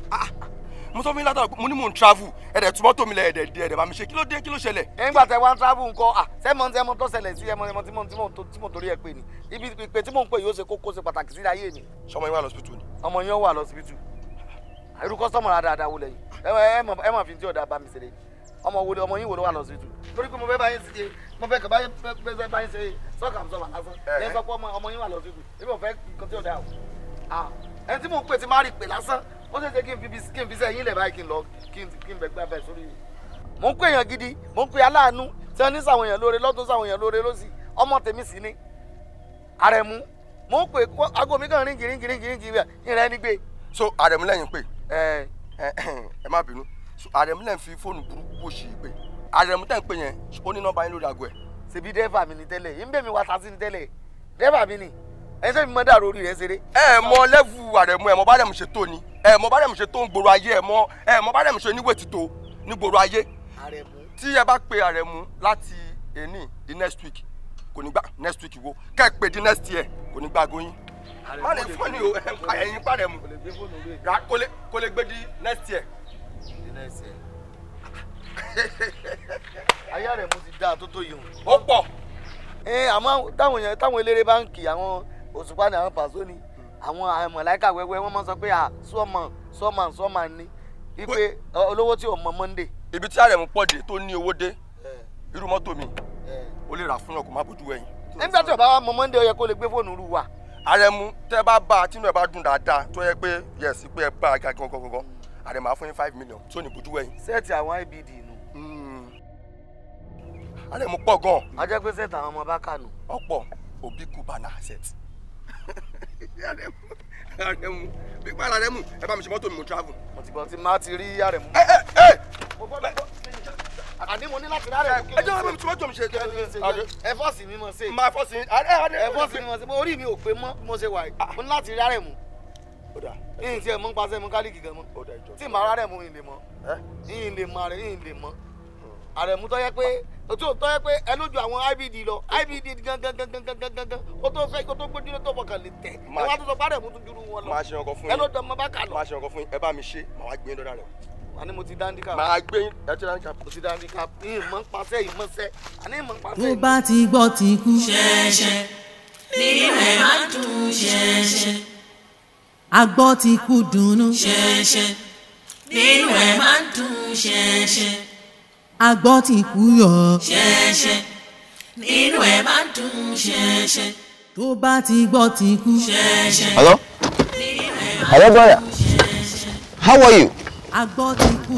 mo sọ fún yín látàrí mo ní mò ń travel ẹ̀dẹ̀ túmọ̀ tó mi lẹ̀ ẹ̀dẹ̀ díẹ̀ ẹ̀dẹ̀ bá mi ṣe kí ló dé kí ló ṣẹlẹ̀. nígbà tẹ wá ń travel nǹkan à sẹ́mọ̀ sẹ́mọ̀ tó ṣẹlẹ̀ sí ẹmọ ẹmọ tí mò ń torí ẹ pé ni ibi ìpè tí mò ń pè yóò ṣe kókó ṣe pàtàkì sí ayé mi. sọmọ yín wà lọ́sibítù ni. ọmọ yín wà lọ́sibítù irú kọ́sọ́mọ̀ rà dáadáa wọlé yìí ẹ mọ̀ fi ti ọ̀dà bá mi ṣeré yìí ọmọ wo ni ọmọ yín wo ló wà lọ sí tu torí pé mo fẹ́ bá yín ṣe mo fẹ́ kaba pẹ́sẹ́ bá yín ṣe sọ́ọ̀kà sọ̀rọ̀ lásán lẹ́yìn sọ pé ọmọ yín wà lọ sí tu ebi mo fẹ́ nǹkan tí ò dáa o ẹni tí mò ń pè tí má rí pè lásán ó ṣe ṣe kí n fi sẹ́yìn lẹ̀ báyìí kí n lọ kí n bẹ̀ gbà bẹ̀ sórí mò ń pè èèyàn gidi mò ń pè aláàánú tí wọ́n ní sàwọn èèyàn lóore lọ́tún sàwọn èèyàn lóore lọ́sì ọmọ tèmi sì ni àrẹ̀mú mò ń pè aago mi kàn ríngìríngìríngìríngìrí ìrẹ́ni gbé. so àrẹ̀mú lẹ́yìn pé ẹ má bínú àrẹ̀mú lẹ́ ń fi fóònù burúkú wò sí pé àrẹ̀mú tẹ̀ ń pè yẹn ó ní nọ́mbà yín lórí aago ẹ̀. ṣèbí dẹ́fà mi ni tẹ́lẹ̀ yín bẹ́ẹ̀ mi wá sasí ni tẹ́lẹ̀ dẹ́fà mi ni ẹsẹ̀ mi mọ dàrú orí rẹ̀ ṣeré. ẹ ẹ mọ lẹ́fù àrẹ̀mú ẹ mọ bá rẹ̀mú ṣe tó ni ẹ mọ bá rẹ̀mú ṣe tó ń gbòòrò ayé ẹ mọ ẹ mọ bá rẹ̀mú ṣe níwèé ti tó ní gbòòrò ayé. tí ẹ bá pe àrẹ̀mú láti ení di next week kò ní gbà next week wo kẹ́ ẹ pè di next year kò ní gbà goyin má lè fọ́ọ̀nì o ẹ̀yìn pàrẹ̀mú kò lè gbé di next year ìdílé ẹsẹ̀ ayé rẹ̀ mo ti dá a tó tó yìí o. ó pọ̀. ẹ àmọ́ táwọn èèyàn táwọn eléré báńkì àwọn òṣùpá ni àwọn pàṣọ ni àwọn mọ̀láìkà wẹ́wẹ́ wọ́n máa sọ pé à sọ́ọ̀mọ̀ sọ́ọ̀mọ̀ sọ́ọ̀mọ̀ ni wípé olówó tí ò mọ Monday. ibi tí àrẹ̀mú pọ̀ dé tó ní owó dé irú mọ́tò mi ó lè rà fún ọkọ̀ má bójú ẹ̀yìn. nígbà tí ọba wa mọ Monday ó yẹ kó lè gbé fóònù rú wa. àrẹ̀mú tẹ́ bá bá a tínú ẹ̀ bá dùn dáadáa tó yẹ pé yẹ̀ sí pé ẹ bá a gàgán gangan àrẹ̀ máa fún yín five million tó ní bójú wẹ̀yìn. sẹ́ẹ̀tì àwọn ibd nù. Hmm. àrẹ̀ mo pọ̀ gan-an. a jẹ́ pé sẹ́ẹ̀tì àwọn ọmọ bá kà nù. ọ̀pọ̀ òbí kú bá náà sẹ́ẹ̀tì. àrẹ̀mú bí pàrọ̀ àrẹ̀mú ẹ bá mi ṣe mọ́tò mi mo travel. mo ti gbọ́ tí má ti rí àrẹ̀mú. ẹ ẹ ẹ àní mo ní láti rárẹ̀ kí ni. ẹ jẹ́ wọ́n mi tí wọ́n jọ mi ṣe jẹ́. ẹ mi mọ̀ ṣe. máa fọ́ọ̀sì mi. ẹ fọ́ọ̀sì mi mọ̀ ṣe. mi ò pé mọ́ mo ṣe wà ah. mo ní láti rárẹ̀ mú yìí ti ẹ̀ mú pàṣẹ mú kálíkì gan mọ́ tí màá rárẹ̀ mú yìí lè mọ́ yìí lè mọ́ yìí lè mọ́ hmm. àrẹ̀mú tó yẹ pé tó tó yẹ pé ẹlójú àwọn ibd lọ ibd gangangangangangangan ó tó fẹ́ kó tó gbójú tó bọ̀kàn lè tẹ̀ ẹ wá tó sọ pé àrẹ̀mú tó juru wọn lọ máa ṣe ọkọ fún yín ẹlójú ọmọ bá kà lọ máa ṣe ọkọ fún yín ẹ bá mi ṣe màá wá gbé yín lọ́dà rẹ̀. àní mo ti dáńdíkà. màá gbé yín ẹ ti dáńdíkà. mo ti dáńdíkà yín mọ̀ ń pasẹ́ yín mọ̀ sẹ́ àní mọ̀ ń pasẹ́. mo bá ti gbọ́ ti kú. ṣẹ̀ṣẹ̀ ní ilẹ̀ máa dùn ṣẹ̀ṣẹ̀ agbọ́ ti kú dùnnú. ṣẹ̀ṣẹ̀ nínú ẹ̀ máa ń dùn ṣẹ̀ṣẹ̀. agbọ́ ti kú yọ̀. ṣẹ̀ṣẹ̀ nínú ẹ̀ máa ń dùn ṣẹ̀ṣẹ̀. tó bá ti gbọ́ ti kú. ṣẹ̀ṣẹ̀. hello hello brother how are you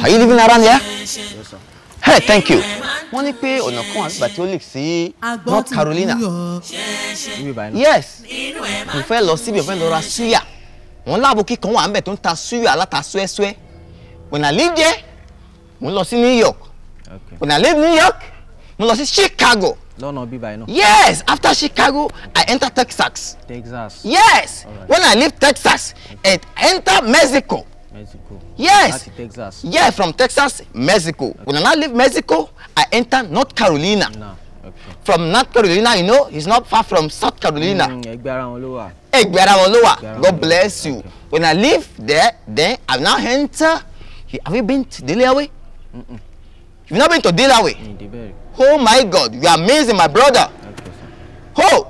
are you living around here. hey thank you wọ́n ní pé ọ̀nà kan àgbà tí ó lè sí north carolina yes mo fẹ́ lọ síbi mo fẹ́ lọ ra suya wọ́n láàbùkí kan wà ń tó ń ta suyo aláta suẹ́suẹ́ when I leave mo lọ sí New York okay. when I New York mo lọ sí Chicago lọ́nà bíbá iná. yes after Chicago I enter Texas. Texas. yes right. when I leave Texas I enter Mexico. Mexico. Yes. Texas. Yeah, from Texas, Mexico. Okay. When I leave Mexico, I enter North Carolina. No. From North Carolina, you know, he's not far from South Carolina. Mm, ẹgbẹ́ ara wọn ló wà. God bless you. Okay. When I leave there, then I now enter. Have you been to Delaware? Mm -mm. You've not been to Delaware? Mm, oh my God, you are amazing, my brother. Okay, oh,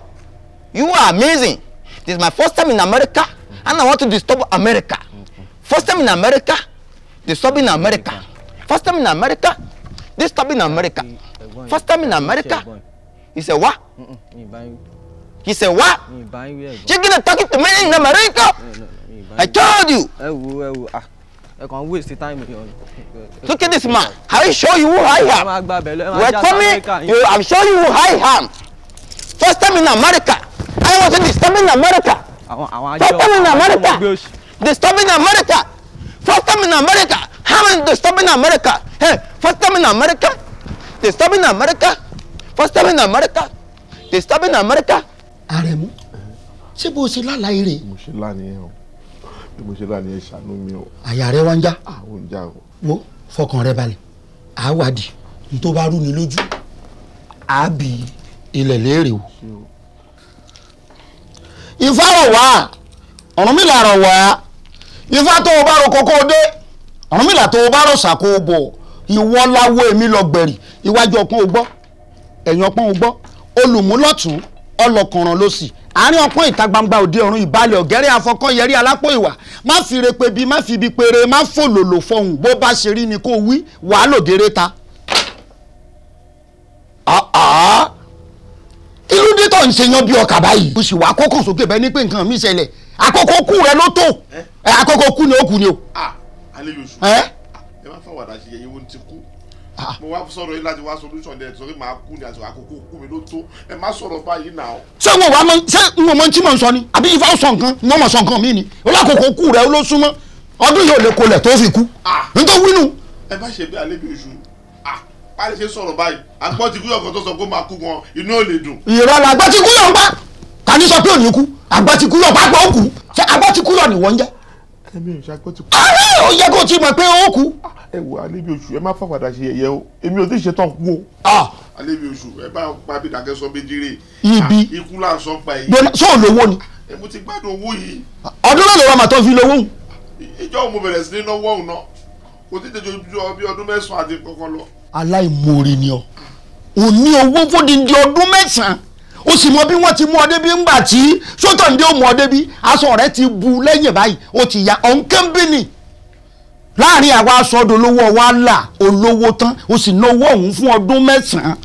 you are amazing. This is my first time in America, mm -hmm. and I want to disturb America. Okay. First time in America, disturbing America. America. First time in America, this time in America first time in America he said what he said what eh, she gonna talk to me in America I told you I eh, kàn eh, ah, waste the time look at this man I show you who I am wait for me you I'm show you who I am first time in America I was in this in America first time in America this in America first time in America. Haven't they stopped in America? Hey, first time in America? They stopped in America? First time in America? They stopped in America? Àrẹ̀mú, ṣé bó o la lálàá eré? Mo ṣe lánìyàn o, bí mo ṣe lánìyàn ṣàánú mi o. Àyà rẹ wá ń já. Àwọn ń já o. Wo fọkàn rẹ balẹ̀, àáwádìí, n tó bá rú ni lójú, àábì ilẹ̀ léèrè o. Ifá rọ̀ wá, Ọ̀rúnmìlà rọ̀ wá, Ifá tó o bá ro kókó dé. Ọ̀rúnmìlà tó o bá rọ̀ ṣàkó o bọ̀ ìwọ láwo èmi lọ gbẹ̀rì iwájú ọpọ́n o gbọ́ ẹ̀yìn ọpọ́n o gbọ́ olùmúlọ̀tún ọlọ́kànràn ló sì àárín ọpọ́n ìta gbangba òde ọ̀run ìbalẹ̀ ọ̀gẹ́rẹ́ afọkọ́ yẹrí alápò ìwà má fi repe bí má fi ibi péré má fòlòlò fọhùn bó bá ṣe rí ni kó wí wàá lòdèrè ta. kí ló dé tó ń ṣe yan bí ọkà báyìí. o sì wá kókò sókè bẹ́ẹ̀ ni pé nǹkan mi ṣẹlẹ̀ àkókò kú rẹ ló tó àkókò kú ni ó kú ni o alẹ́ ẹ ẹ má fàwàdà ṣe yẹyẹ wọn ti kú ah. mo wá sọ̀rọ̀ yìí láti wá solution dẹ̀ sọ́rí màá kú ní àsìkò àkókò kú mi ló tó ẹ má sọ̀rọ̀ báyìí nà ó. ṣé wọn wá mọ ṣé wọn mọ tí mò ń ni àbí ifá sọ nǹkan wọn mọ sọ nǹkan mi ni olákòókò kú rẹ ló súnmọ́ ọdún yóò lè kolẹ̀ tó fi kú ah. nítorí wínú. ẹ má ṣe bí alẹ́ bí ah, ṣe sọ̀rọ̀ báyìí àgbọ̀n kúyọ̀ kan tó sọ pé máa kú gan inú ò lè dùn. ìrọ̀ èmi ò ṣàgbọ́ ti kú. ó yẹ kó o ti mọ̀ pé ó kú. ẹ wo àlébi oṣù ẹ má fàwàdà ṣe yẹ̀yẹ́ o èmi ò tí ì ṣetán kú o. àlébi ah. oṣù ẹ bá pa bí dàgẹ́ sọ méjì rè. ibi ah, ikú là ń sọ pa èyí. sọ olówó ni. ẹ mo ti gbádùn owó yìí. ọdún mélòó wa mà tó fi lówó. ìjọ mo bẹ̀rẹ̀ sí ní náwó ọ̀hún náà kò tí ì tẹ̀jọ́ bí ọdún mẹ́sàn-án àti kọ́kọ́ lọ. aláìmoore ni ọ òní owó fódìdí ọdún mẹ́sàn-án o sì mọ bí wọ́n ti mú ọ débi ńgbà tí sọ́tọ̀ǹdé ò mú ọ débi aṣọ rẹ ti bu lẹ́yìn báyìí o ti ya ọ̀nkẹ́ńbìnì láàrin àwa aṣọ ọdún olówó wa là olówó tán o sì ná owó ọ̀hún fún ọdún mẹ́sàn-án.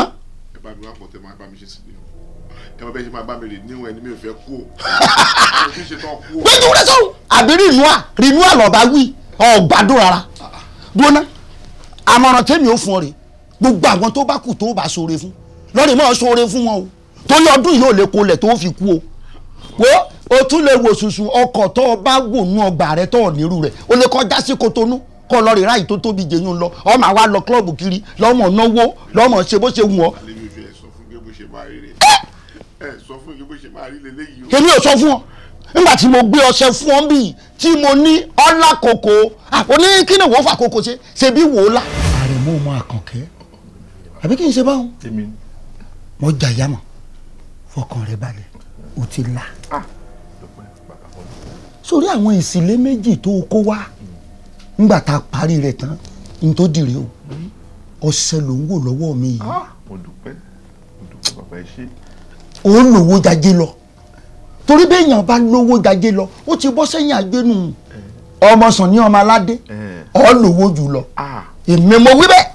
ẹ bá mi wá pọ̀ tẹ́ máa bá mi ṣe sí mi ẹ bá bẹ́ẹ̀ ṣe máa bá mi rè níwọ̀n ẹni mi ò fẹ́ kú o. gbẹ́jú rẹ sọ̀rọ̀ àbí rìnnúà rìnnúà lọ́ba wí ọ̀gbádùn rárá gbóná àmọ̀ràn tẹ́mi ò fún ọ rè gbogbo àwọn tó bá kù tó bá ṣoore fún lọ́rìn máa ṣoore fún wọn o torí ọdún yìí ò lè kolẹ̀ tó fi kú o wo o tún lè wò sùsùn ọkọ̀ tó o bá wònú ọgbà rẹ tó o nírú rẹ o lè kọjá sí Kotonu kọ́ lọ́rìn ráàyè tó tóbi jẹ̀yìn lọ ọmọ àwa lọ kílọ̀bù kiri lọ́mọ náwó lọ́mọ ṣe bó ṣe wù ọ́. èmi ò sọ fún ọ nígbà tí mo gbé ọṣẹ fún ọ bíi tí mo ní ọlá kòkó àpòní kí ni wọ́n fà kòkó ṣe ṣe bí wòó la. àrẹ̀mọ́ ọmọ àkànkẹ́ àbí kí n ṣe báwọn wọ́n jà yá mọ̀ fọkàn rẹ balẹ̀ o ti la. Ah. sórí àwọn ìsìlẹ̀ méjì tó o kó wá nígbà tá a parí rẹ̀ tán n tó dìrì o ọ̀sẹ̀ ló ń wò lọ́wọ́ mi yìí. Ah. mo dúpẹ́ mo dúpẹ́ bàbá ẹ ṣé. ó lówó jajé lọ torí béèyàn bá lówó jajé lọ ó ti bọ́ sẹ́yìn àgbénu eh. ọmọ sàn ní ọmọ aládé ọ eh. lówó jù lọ ah. èmi mo wí bẹ́ẹ̀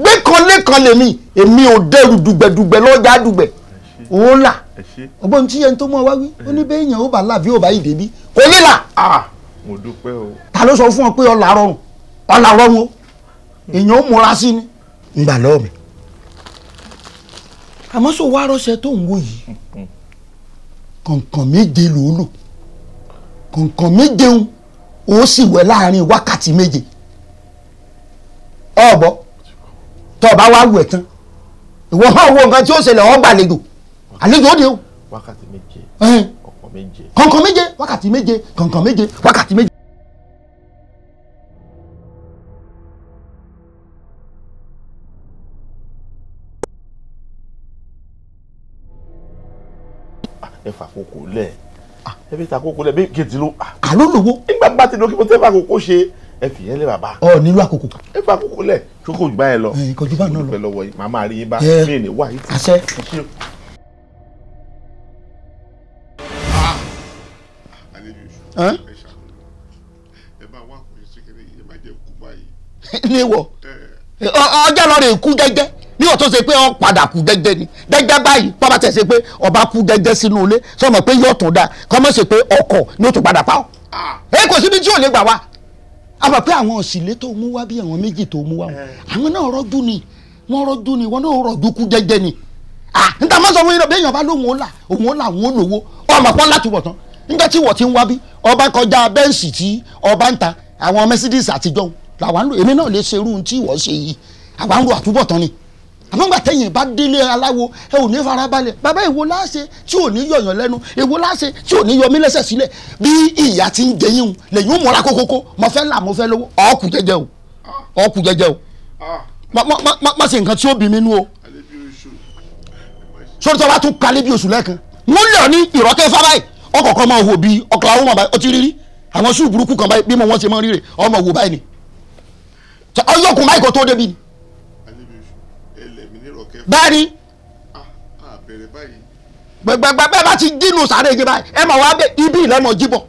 gbé kan lẹ́kan lèmi èmi ò dẹrù dùgbẹ̀dùgbẹ̀ lọ́jà dùgbẹ̀ òun là ọgbọ́n tí ẹni tó mọ̀ wá wí ó ní bẹ́ẹ̀ yẹn ó bá láàbí ó bá yìí débi kò ní là. ta ló sọ fún ọ pé ọ̀là rọrùn ọ̀là rọrùn o èèyàn ó múra sí ni. ń gbà lọ́ọ̀ mi. àmọ́ sọ wá rọ́ṣẹ tó ń wò yìí kọ̀ǹkọ̀ méje ló lò kọ̀ǹkọ̀ méje ń ó sì wẹ̀ láàrin wákàtí méje ọ̀bọ. Oh, tọ́ ọ bá wá wẹ̀ tán ìwọ hàn wo nǹkan tí ó ṣẹlẹ̀ ọ́ gbàlejò àlejò ó de o. wákàtí méje kọ̀ọ̀kan méje kọ̀ọ̀kan méje wákàtí méje kọ̀ọ̀kan méje wákàtí méje. Ah, ẹ fà kókó lẹ ah. ẹ fi ta kókó lẹ bí kejì ló. Ah. àló lówó. nígbà bá ti lọ kí mo tẹ́ fà kókó ṣe ẹ fìyẹ́ lé bàbá. ọ nílò àkókò. ẹ fà kókó lẹ tó kò jù báyẹn lọ kò jù báyẹn lọ pẹ̀lú yìí màá máa rí yín bá mí ní wà ah! yìí. àṣẹ. ní wọ ọjọ́ lọ rè kú gẹ́gẹ́ ní o ṣe pé ọ padà kú gẹ́gẹ́ ni gẹ́gẹ́ báyìí pàmò tẹ̀ ṣe pé ọba kú gẹ́gẹ́ sínú ilé sọmọ pé yóò tún da kọ́mọ́ ṣe pé ọkọ̀ ni ó tún padà pa ọ́. Ah! ẹ kò síbi tí ò lè gbà wá àbà pé àwọn òsìlè tó mú wá bí àwọn méjì tó mú wá wọn eh. àwọn náà rọjú ni wọn rọjú ni wọn náà rọjú kú jẹjẹ ni ah níta má sọ fún yín lọ bí èèyàn bá lóun ó là òun ó là òun ó lówó ọmọ pọ́n láti wọ̀ tán nígbà tí wọ̀ ti ń wá bí ọba kọjá bẹ́ǹsì tí ọba ń ta àwọn Mercedes àtijọ́ làwọn èmi náà lè ṣerú tí wọ́n ṣe yìí àwọn ń àtúbọ̀tán ni àmọ́gbà tẹ̀yìn bá délé aláwo ẹ ò ní farabalẹ̀ bàbá èwo láṣẹ tí ò ní yọ̀yàn lẹ́nu èwo láṣẹ tí ò ní yọmí lẹ́sẹ̀ sílẹ̀ bí ìyá ti ń jẹyìn o lẹ́yìn ó mọ̀ra kókókó mo fẹ́ là mo fẹ́ lówó ọ̀ọ́kù jẹjẹ o ọ̀ọ́kù jẹjẹ o má ṣe nǹkan tí ó bí mi nú o sórí tí wọ́n bá tún kalẹ̀ bí oṣù lẹ́ẹ̀kan wọ́n lọ ní ìrọ́kẹ́ fábáì ọkọ̀ọ̀kan máa wò bí Oklahoma báyìí ó ti rírí àwọn sùúrù burúkú kan báyìí bí mo wọ́n ṣe máa ń rí rè ọmọ wò báyìí ni ọyọkùn báyìí kò tó débi ni Ah, ah, báyìí gbẹgbẹgbẹ bẹ́ẹ̀ bá ti dínú sáré yìí báyìí ẹ mọ̀ wá bẹ ibi ìlẹ́mọ̀ jíbọ̀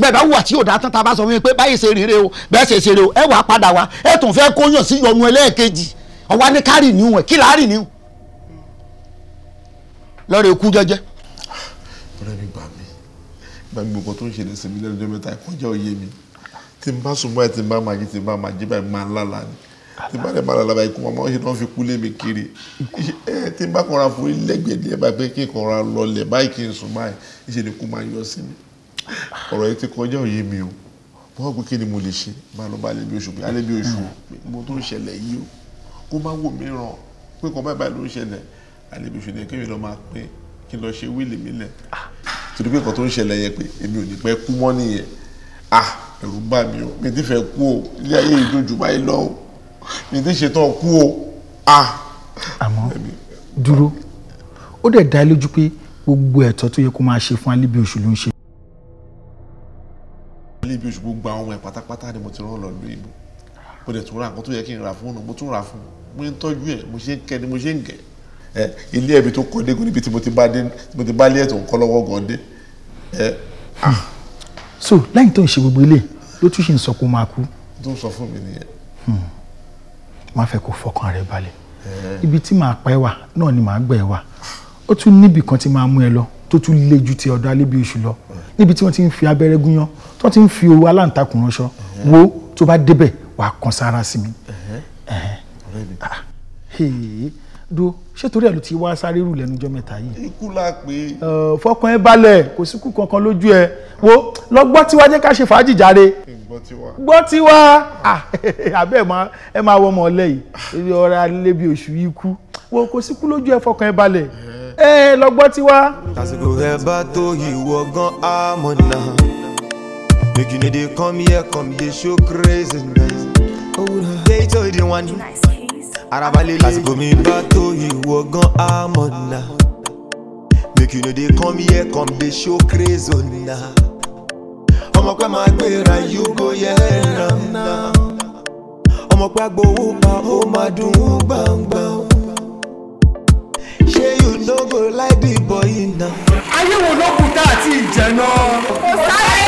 bẹ́ẹ̀ bá wùwà tí yóò dá tán tá a bá sọ wípé báyìí ṣe rèé o bẹ́ẹ̀ ṣe ṣe rèé o ẹ wàá padà wá ẹ tún fẹ́ kóyàn sí yọnu ẹlẹ́ẹ̀kejì ọwọ́ ní kárì ní wọn kí láàrì ní wọn. lọ́rọ̀ ikú jẹ́jẹ́. ọ̀rẹ́ mi gbà mí gbà mí gbogbo tó ń ṣe lè sinmi lẹ́nu ọjọ́ mẹ́ta ìkọjá òye mi tí n bá sùn báyìí tí n bá máa jí tí n bá máa jí báyìí máa lálàá ni tí bá dẹ̀ bá lalaba ikú màmá ó ṣe náà fi kú lé mi kiri tí n bá kọ́ra fún lẹ́gbẹ̀dẹ̀ bá pé kí n kọ́ra lọlẹ̀ báyìí kí n sùn báyìí ìṣe ni kú máa yọ sí mi ọ̀rọ̀ yìí ti kọjá òye mi o mo wá pé kí ni mo lè ṣe máa lọ bá alẹ́ bí oṣù pé alẹ́ bí oṣù pé mo tó ń ṣẹlẹ̀ yìí o kó má wò mí ràn pé kàn báyìí báyìí ló ń ṣẹlẹ̀ alẹ́ bí oṣù ni kéwìn lọ máa pé kí n lọ ṣe wíìlì mi lẹ̀ torí pé kàn tó ń ṣẹlẹ̀ ah ẹ̀rù bà mí o mi ti fẹ́ kú o ilé ayé ìdójú báyìí mi ti ṣetán kú o. àmọ́ dúró ó dẹ̀ dá lójú pé gbogbo ẹ̀tọ́ tó yẹ kó máa ṣe fún Alibi Oṣù ló ń ṣe. Alibi Oṣù gbogbo àwọn ọmọ ẹ̀ pátápátá ni mo ti rán lọ lórí ìlú mo dẹ̀ tún ra nǹkan tó yẹ kí n rà fún un mo tún rà fún un mo ń tọ́jú ẹ̀ mo ṣe ń kẹ́ ni mo ṣe ń gẹ̀ ẹ ilé ẹ̀bi tó kọ́ dégún níbi tí mo ti bá dé lé ẹ̀tọ́ nǹkan lọ́wọ́ gan dé hmm. so lẹ́yìn tó ń ṣe gbogbo ilé ló tún ṣe ń sọ kó máa kú. tó ń sọ fún mi nìyẹn. Hmm má fẹ́ kó fọkàn rẹ balẹ̀ ibi tí màá pẹ́ wà náà ni màá gbẹ̀ wà ó tún níbì kan tí màá mú e lọ tó tún le ju ti ọ̀dọ̀ Alébíoṣù lọ níbi tí wọ́n ti ń fi abẹ́rẹ́ gúnyán tí wọ́n ti ń fi owó aláǹtakùn wo tó bá débẹ̀ wàá kan sára sí mi do ṣé torí ẹ ló ti wá sáré rù lẹ́nu ọjọ́ mẹ́ta yìí. ikú la pé. fọkàn ẹ balẹ̀ kò sí kú kankan lójú ẹ wo lọ gbọ́ tiwa jẹ́ ká ṣe fàájì jáde. gbọ́ tiwa. gbọ́ tiwa àbẹ́ ẹ máa wọ́n mọ̀ ọ́lẹ́ yìí ọ̀rẹ́ alẹ́ bíi oṣù yìí kú wo kò sí kú lójú ẹ fọkàn ẹ balẹ̀ ẹ lọ gbọ́ tiwa. tàsìkò rẹ bá tó ìwọ gan àmọ́ náà make you no dey come here come dey show crazy nice. Later you dey wan. Nice arabalele. lásìkò mi bá tó ìwọ gan amọ̀nà make you no dey come here come dey show craze ọ̀nà ọmọ máa gbéra you go yẹ ram na ọmọ pẹ́ agbowó pa ó máa dùn ún gbangba ṣé you no go like the boy na. ayé wo ló kù tá àti ìjẹ náà. kò sáré.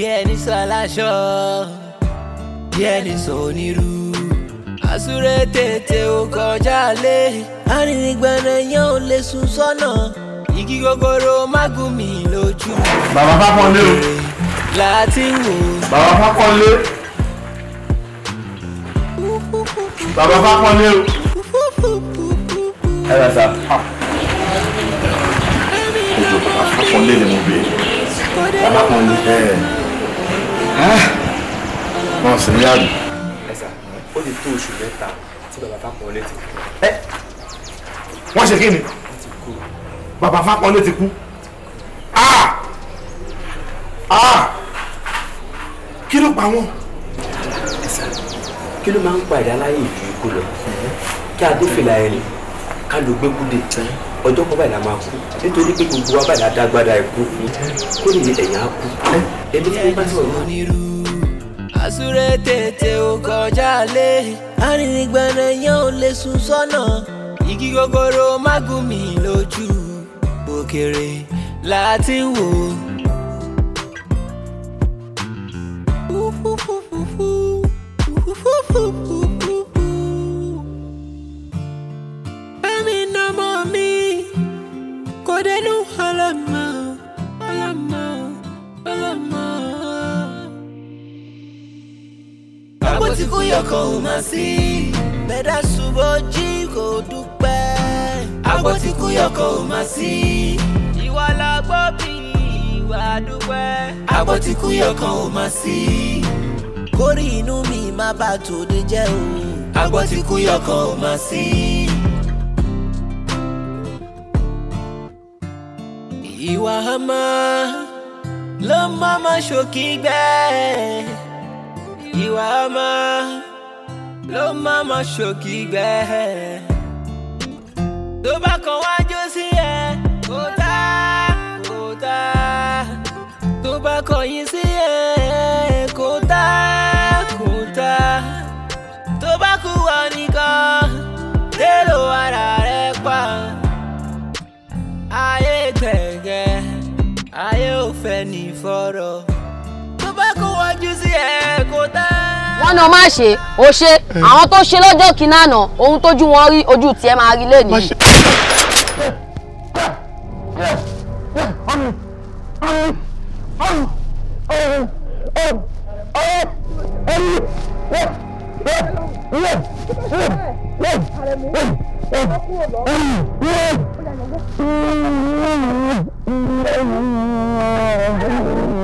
díẹ̀ ní sọ́láṣọ́ díẹ̀ ní sọ́nirú. àsúré tètè ó kọjá lé arìnrìngbọ̀nà yẹn ò lè sùn sọ́nà igi gogoro mágùn lójú. bàbá Fákànlé o. láti wò. bàbá Fákànlé. bàbá Fákànlé o. ẹ bàtà. sí ní àgbà. ẹ sà ó ti tó oṣù mẹ́ta tí bàbá Fápọ́nlé ti kú. ẹ wọ́n ṣe kí ni bàbá Fápọ́nlé ti kú. kí ló pa wọ́n. ẹ sà kí ló máa ń pa ẹ̀dá láyé ìlú ikú lọ kí adófìlà ẹ̀ lè ká ló gbé kúdè ọjọ́ kan báyìí la máa kú nítorí pé gbogbo wa báyìí la dágbádá ẹ̀ kú kó lè ẹ̀yìn á kú ẹni tí bá sọ̀rọ̀ àsúré tètè ò kọjá lé. arìnrìngbọ̀nà yẹn ò lè sùn sọ́nà. igi gogoro mágùn mi lójú òkèrè láti wò. bẹ́ẹ̀ni nọmọ mi kò dénú ọlọ́mọ. Kotikuyo kò mà sí. Bẹ́dà ṣubọ́jì kò dúpẹ́. Agbótikúyọ̀ kò mà sí. Ìwà la gbọ́ bí ìwà dúpẹ́. Agbótikúyọ̀ kò mà sí. Kórì inú mi má bà tòde jẹ́ o. Agbótikúyọ̀ kò mà sí. Ìwà hama ló má má ṣòkí gbẹ́ẹ́ ìwà ọmọ ló mọ̀ọ́mọ̀ ṣòkì gbẹ́. tó bá kan wájú sí wọ́n ní o má ṣe o ṣe àwọn tó ṣe lọ́jọ́ kìíní àná ohun tójú wọn rí ojú tiẹ̀ máa rí lẹ́nu. Oh,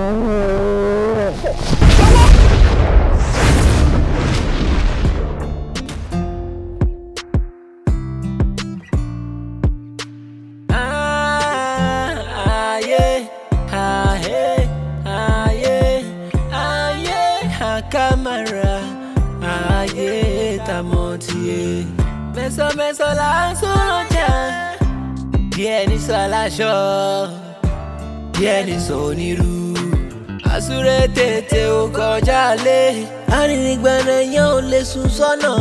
Dome sola soroja Díẹ̀ ní sọláṣọ díẹ̀ ní sọnirú àsúré tètè ó kọjá lé arìnrìngbọ̀nà yẹn ò lè sùn sọ́nà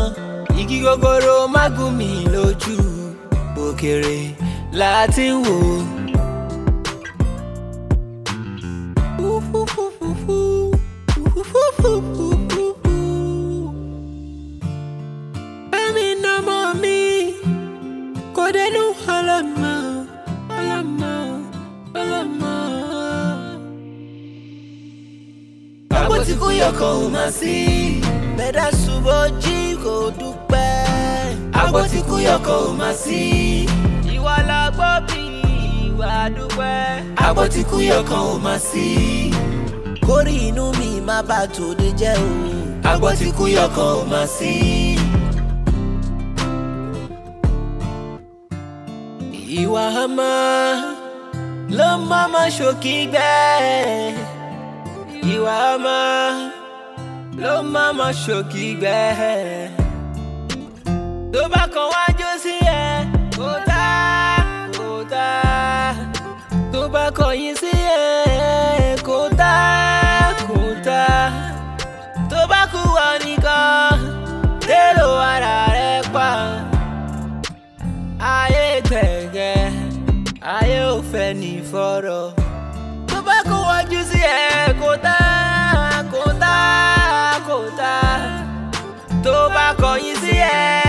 igi gogoro mágùnmí lójú òkèrè láti wò. Ooh, ooh, Bellama, Bellama, Bellama. Báwo tí kú yọkọ̀ ò máa sí? Bẹ́dà ṣubọ̀ jí kò dúpẹ́. Àgbo tí kú yọkọ̀ ò máa ò máa sí. ìwà ọmọ ló mọ́mọ́ ṣòkìgbẹ́ ìwà ọmọ ló mọ́mọ́ ṣòkìgbẹ́ tó bá kan wájú sí ẹ. fẹ́ ní fọ́rọ̀. tó bá kó wájú sí ẹ kó tá kó tá kó tá tó bá kọ̀yìn sí ẹ.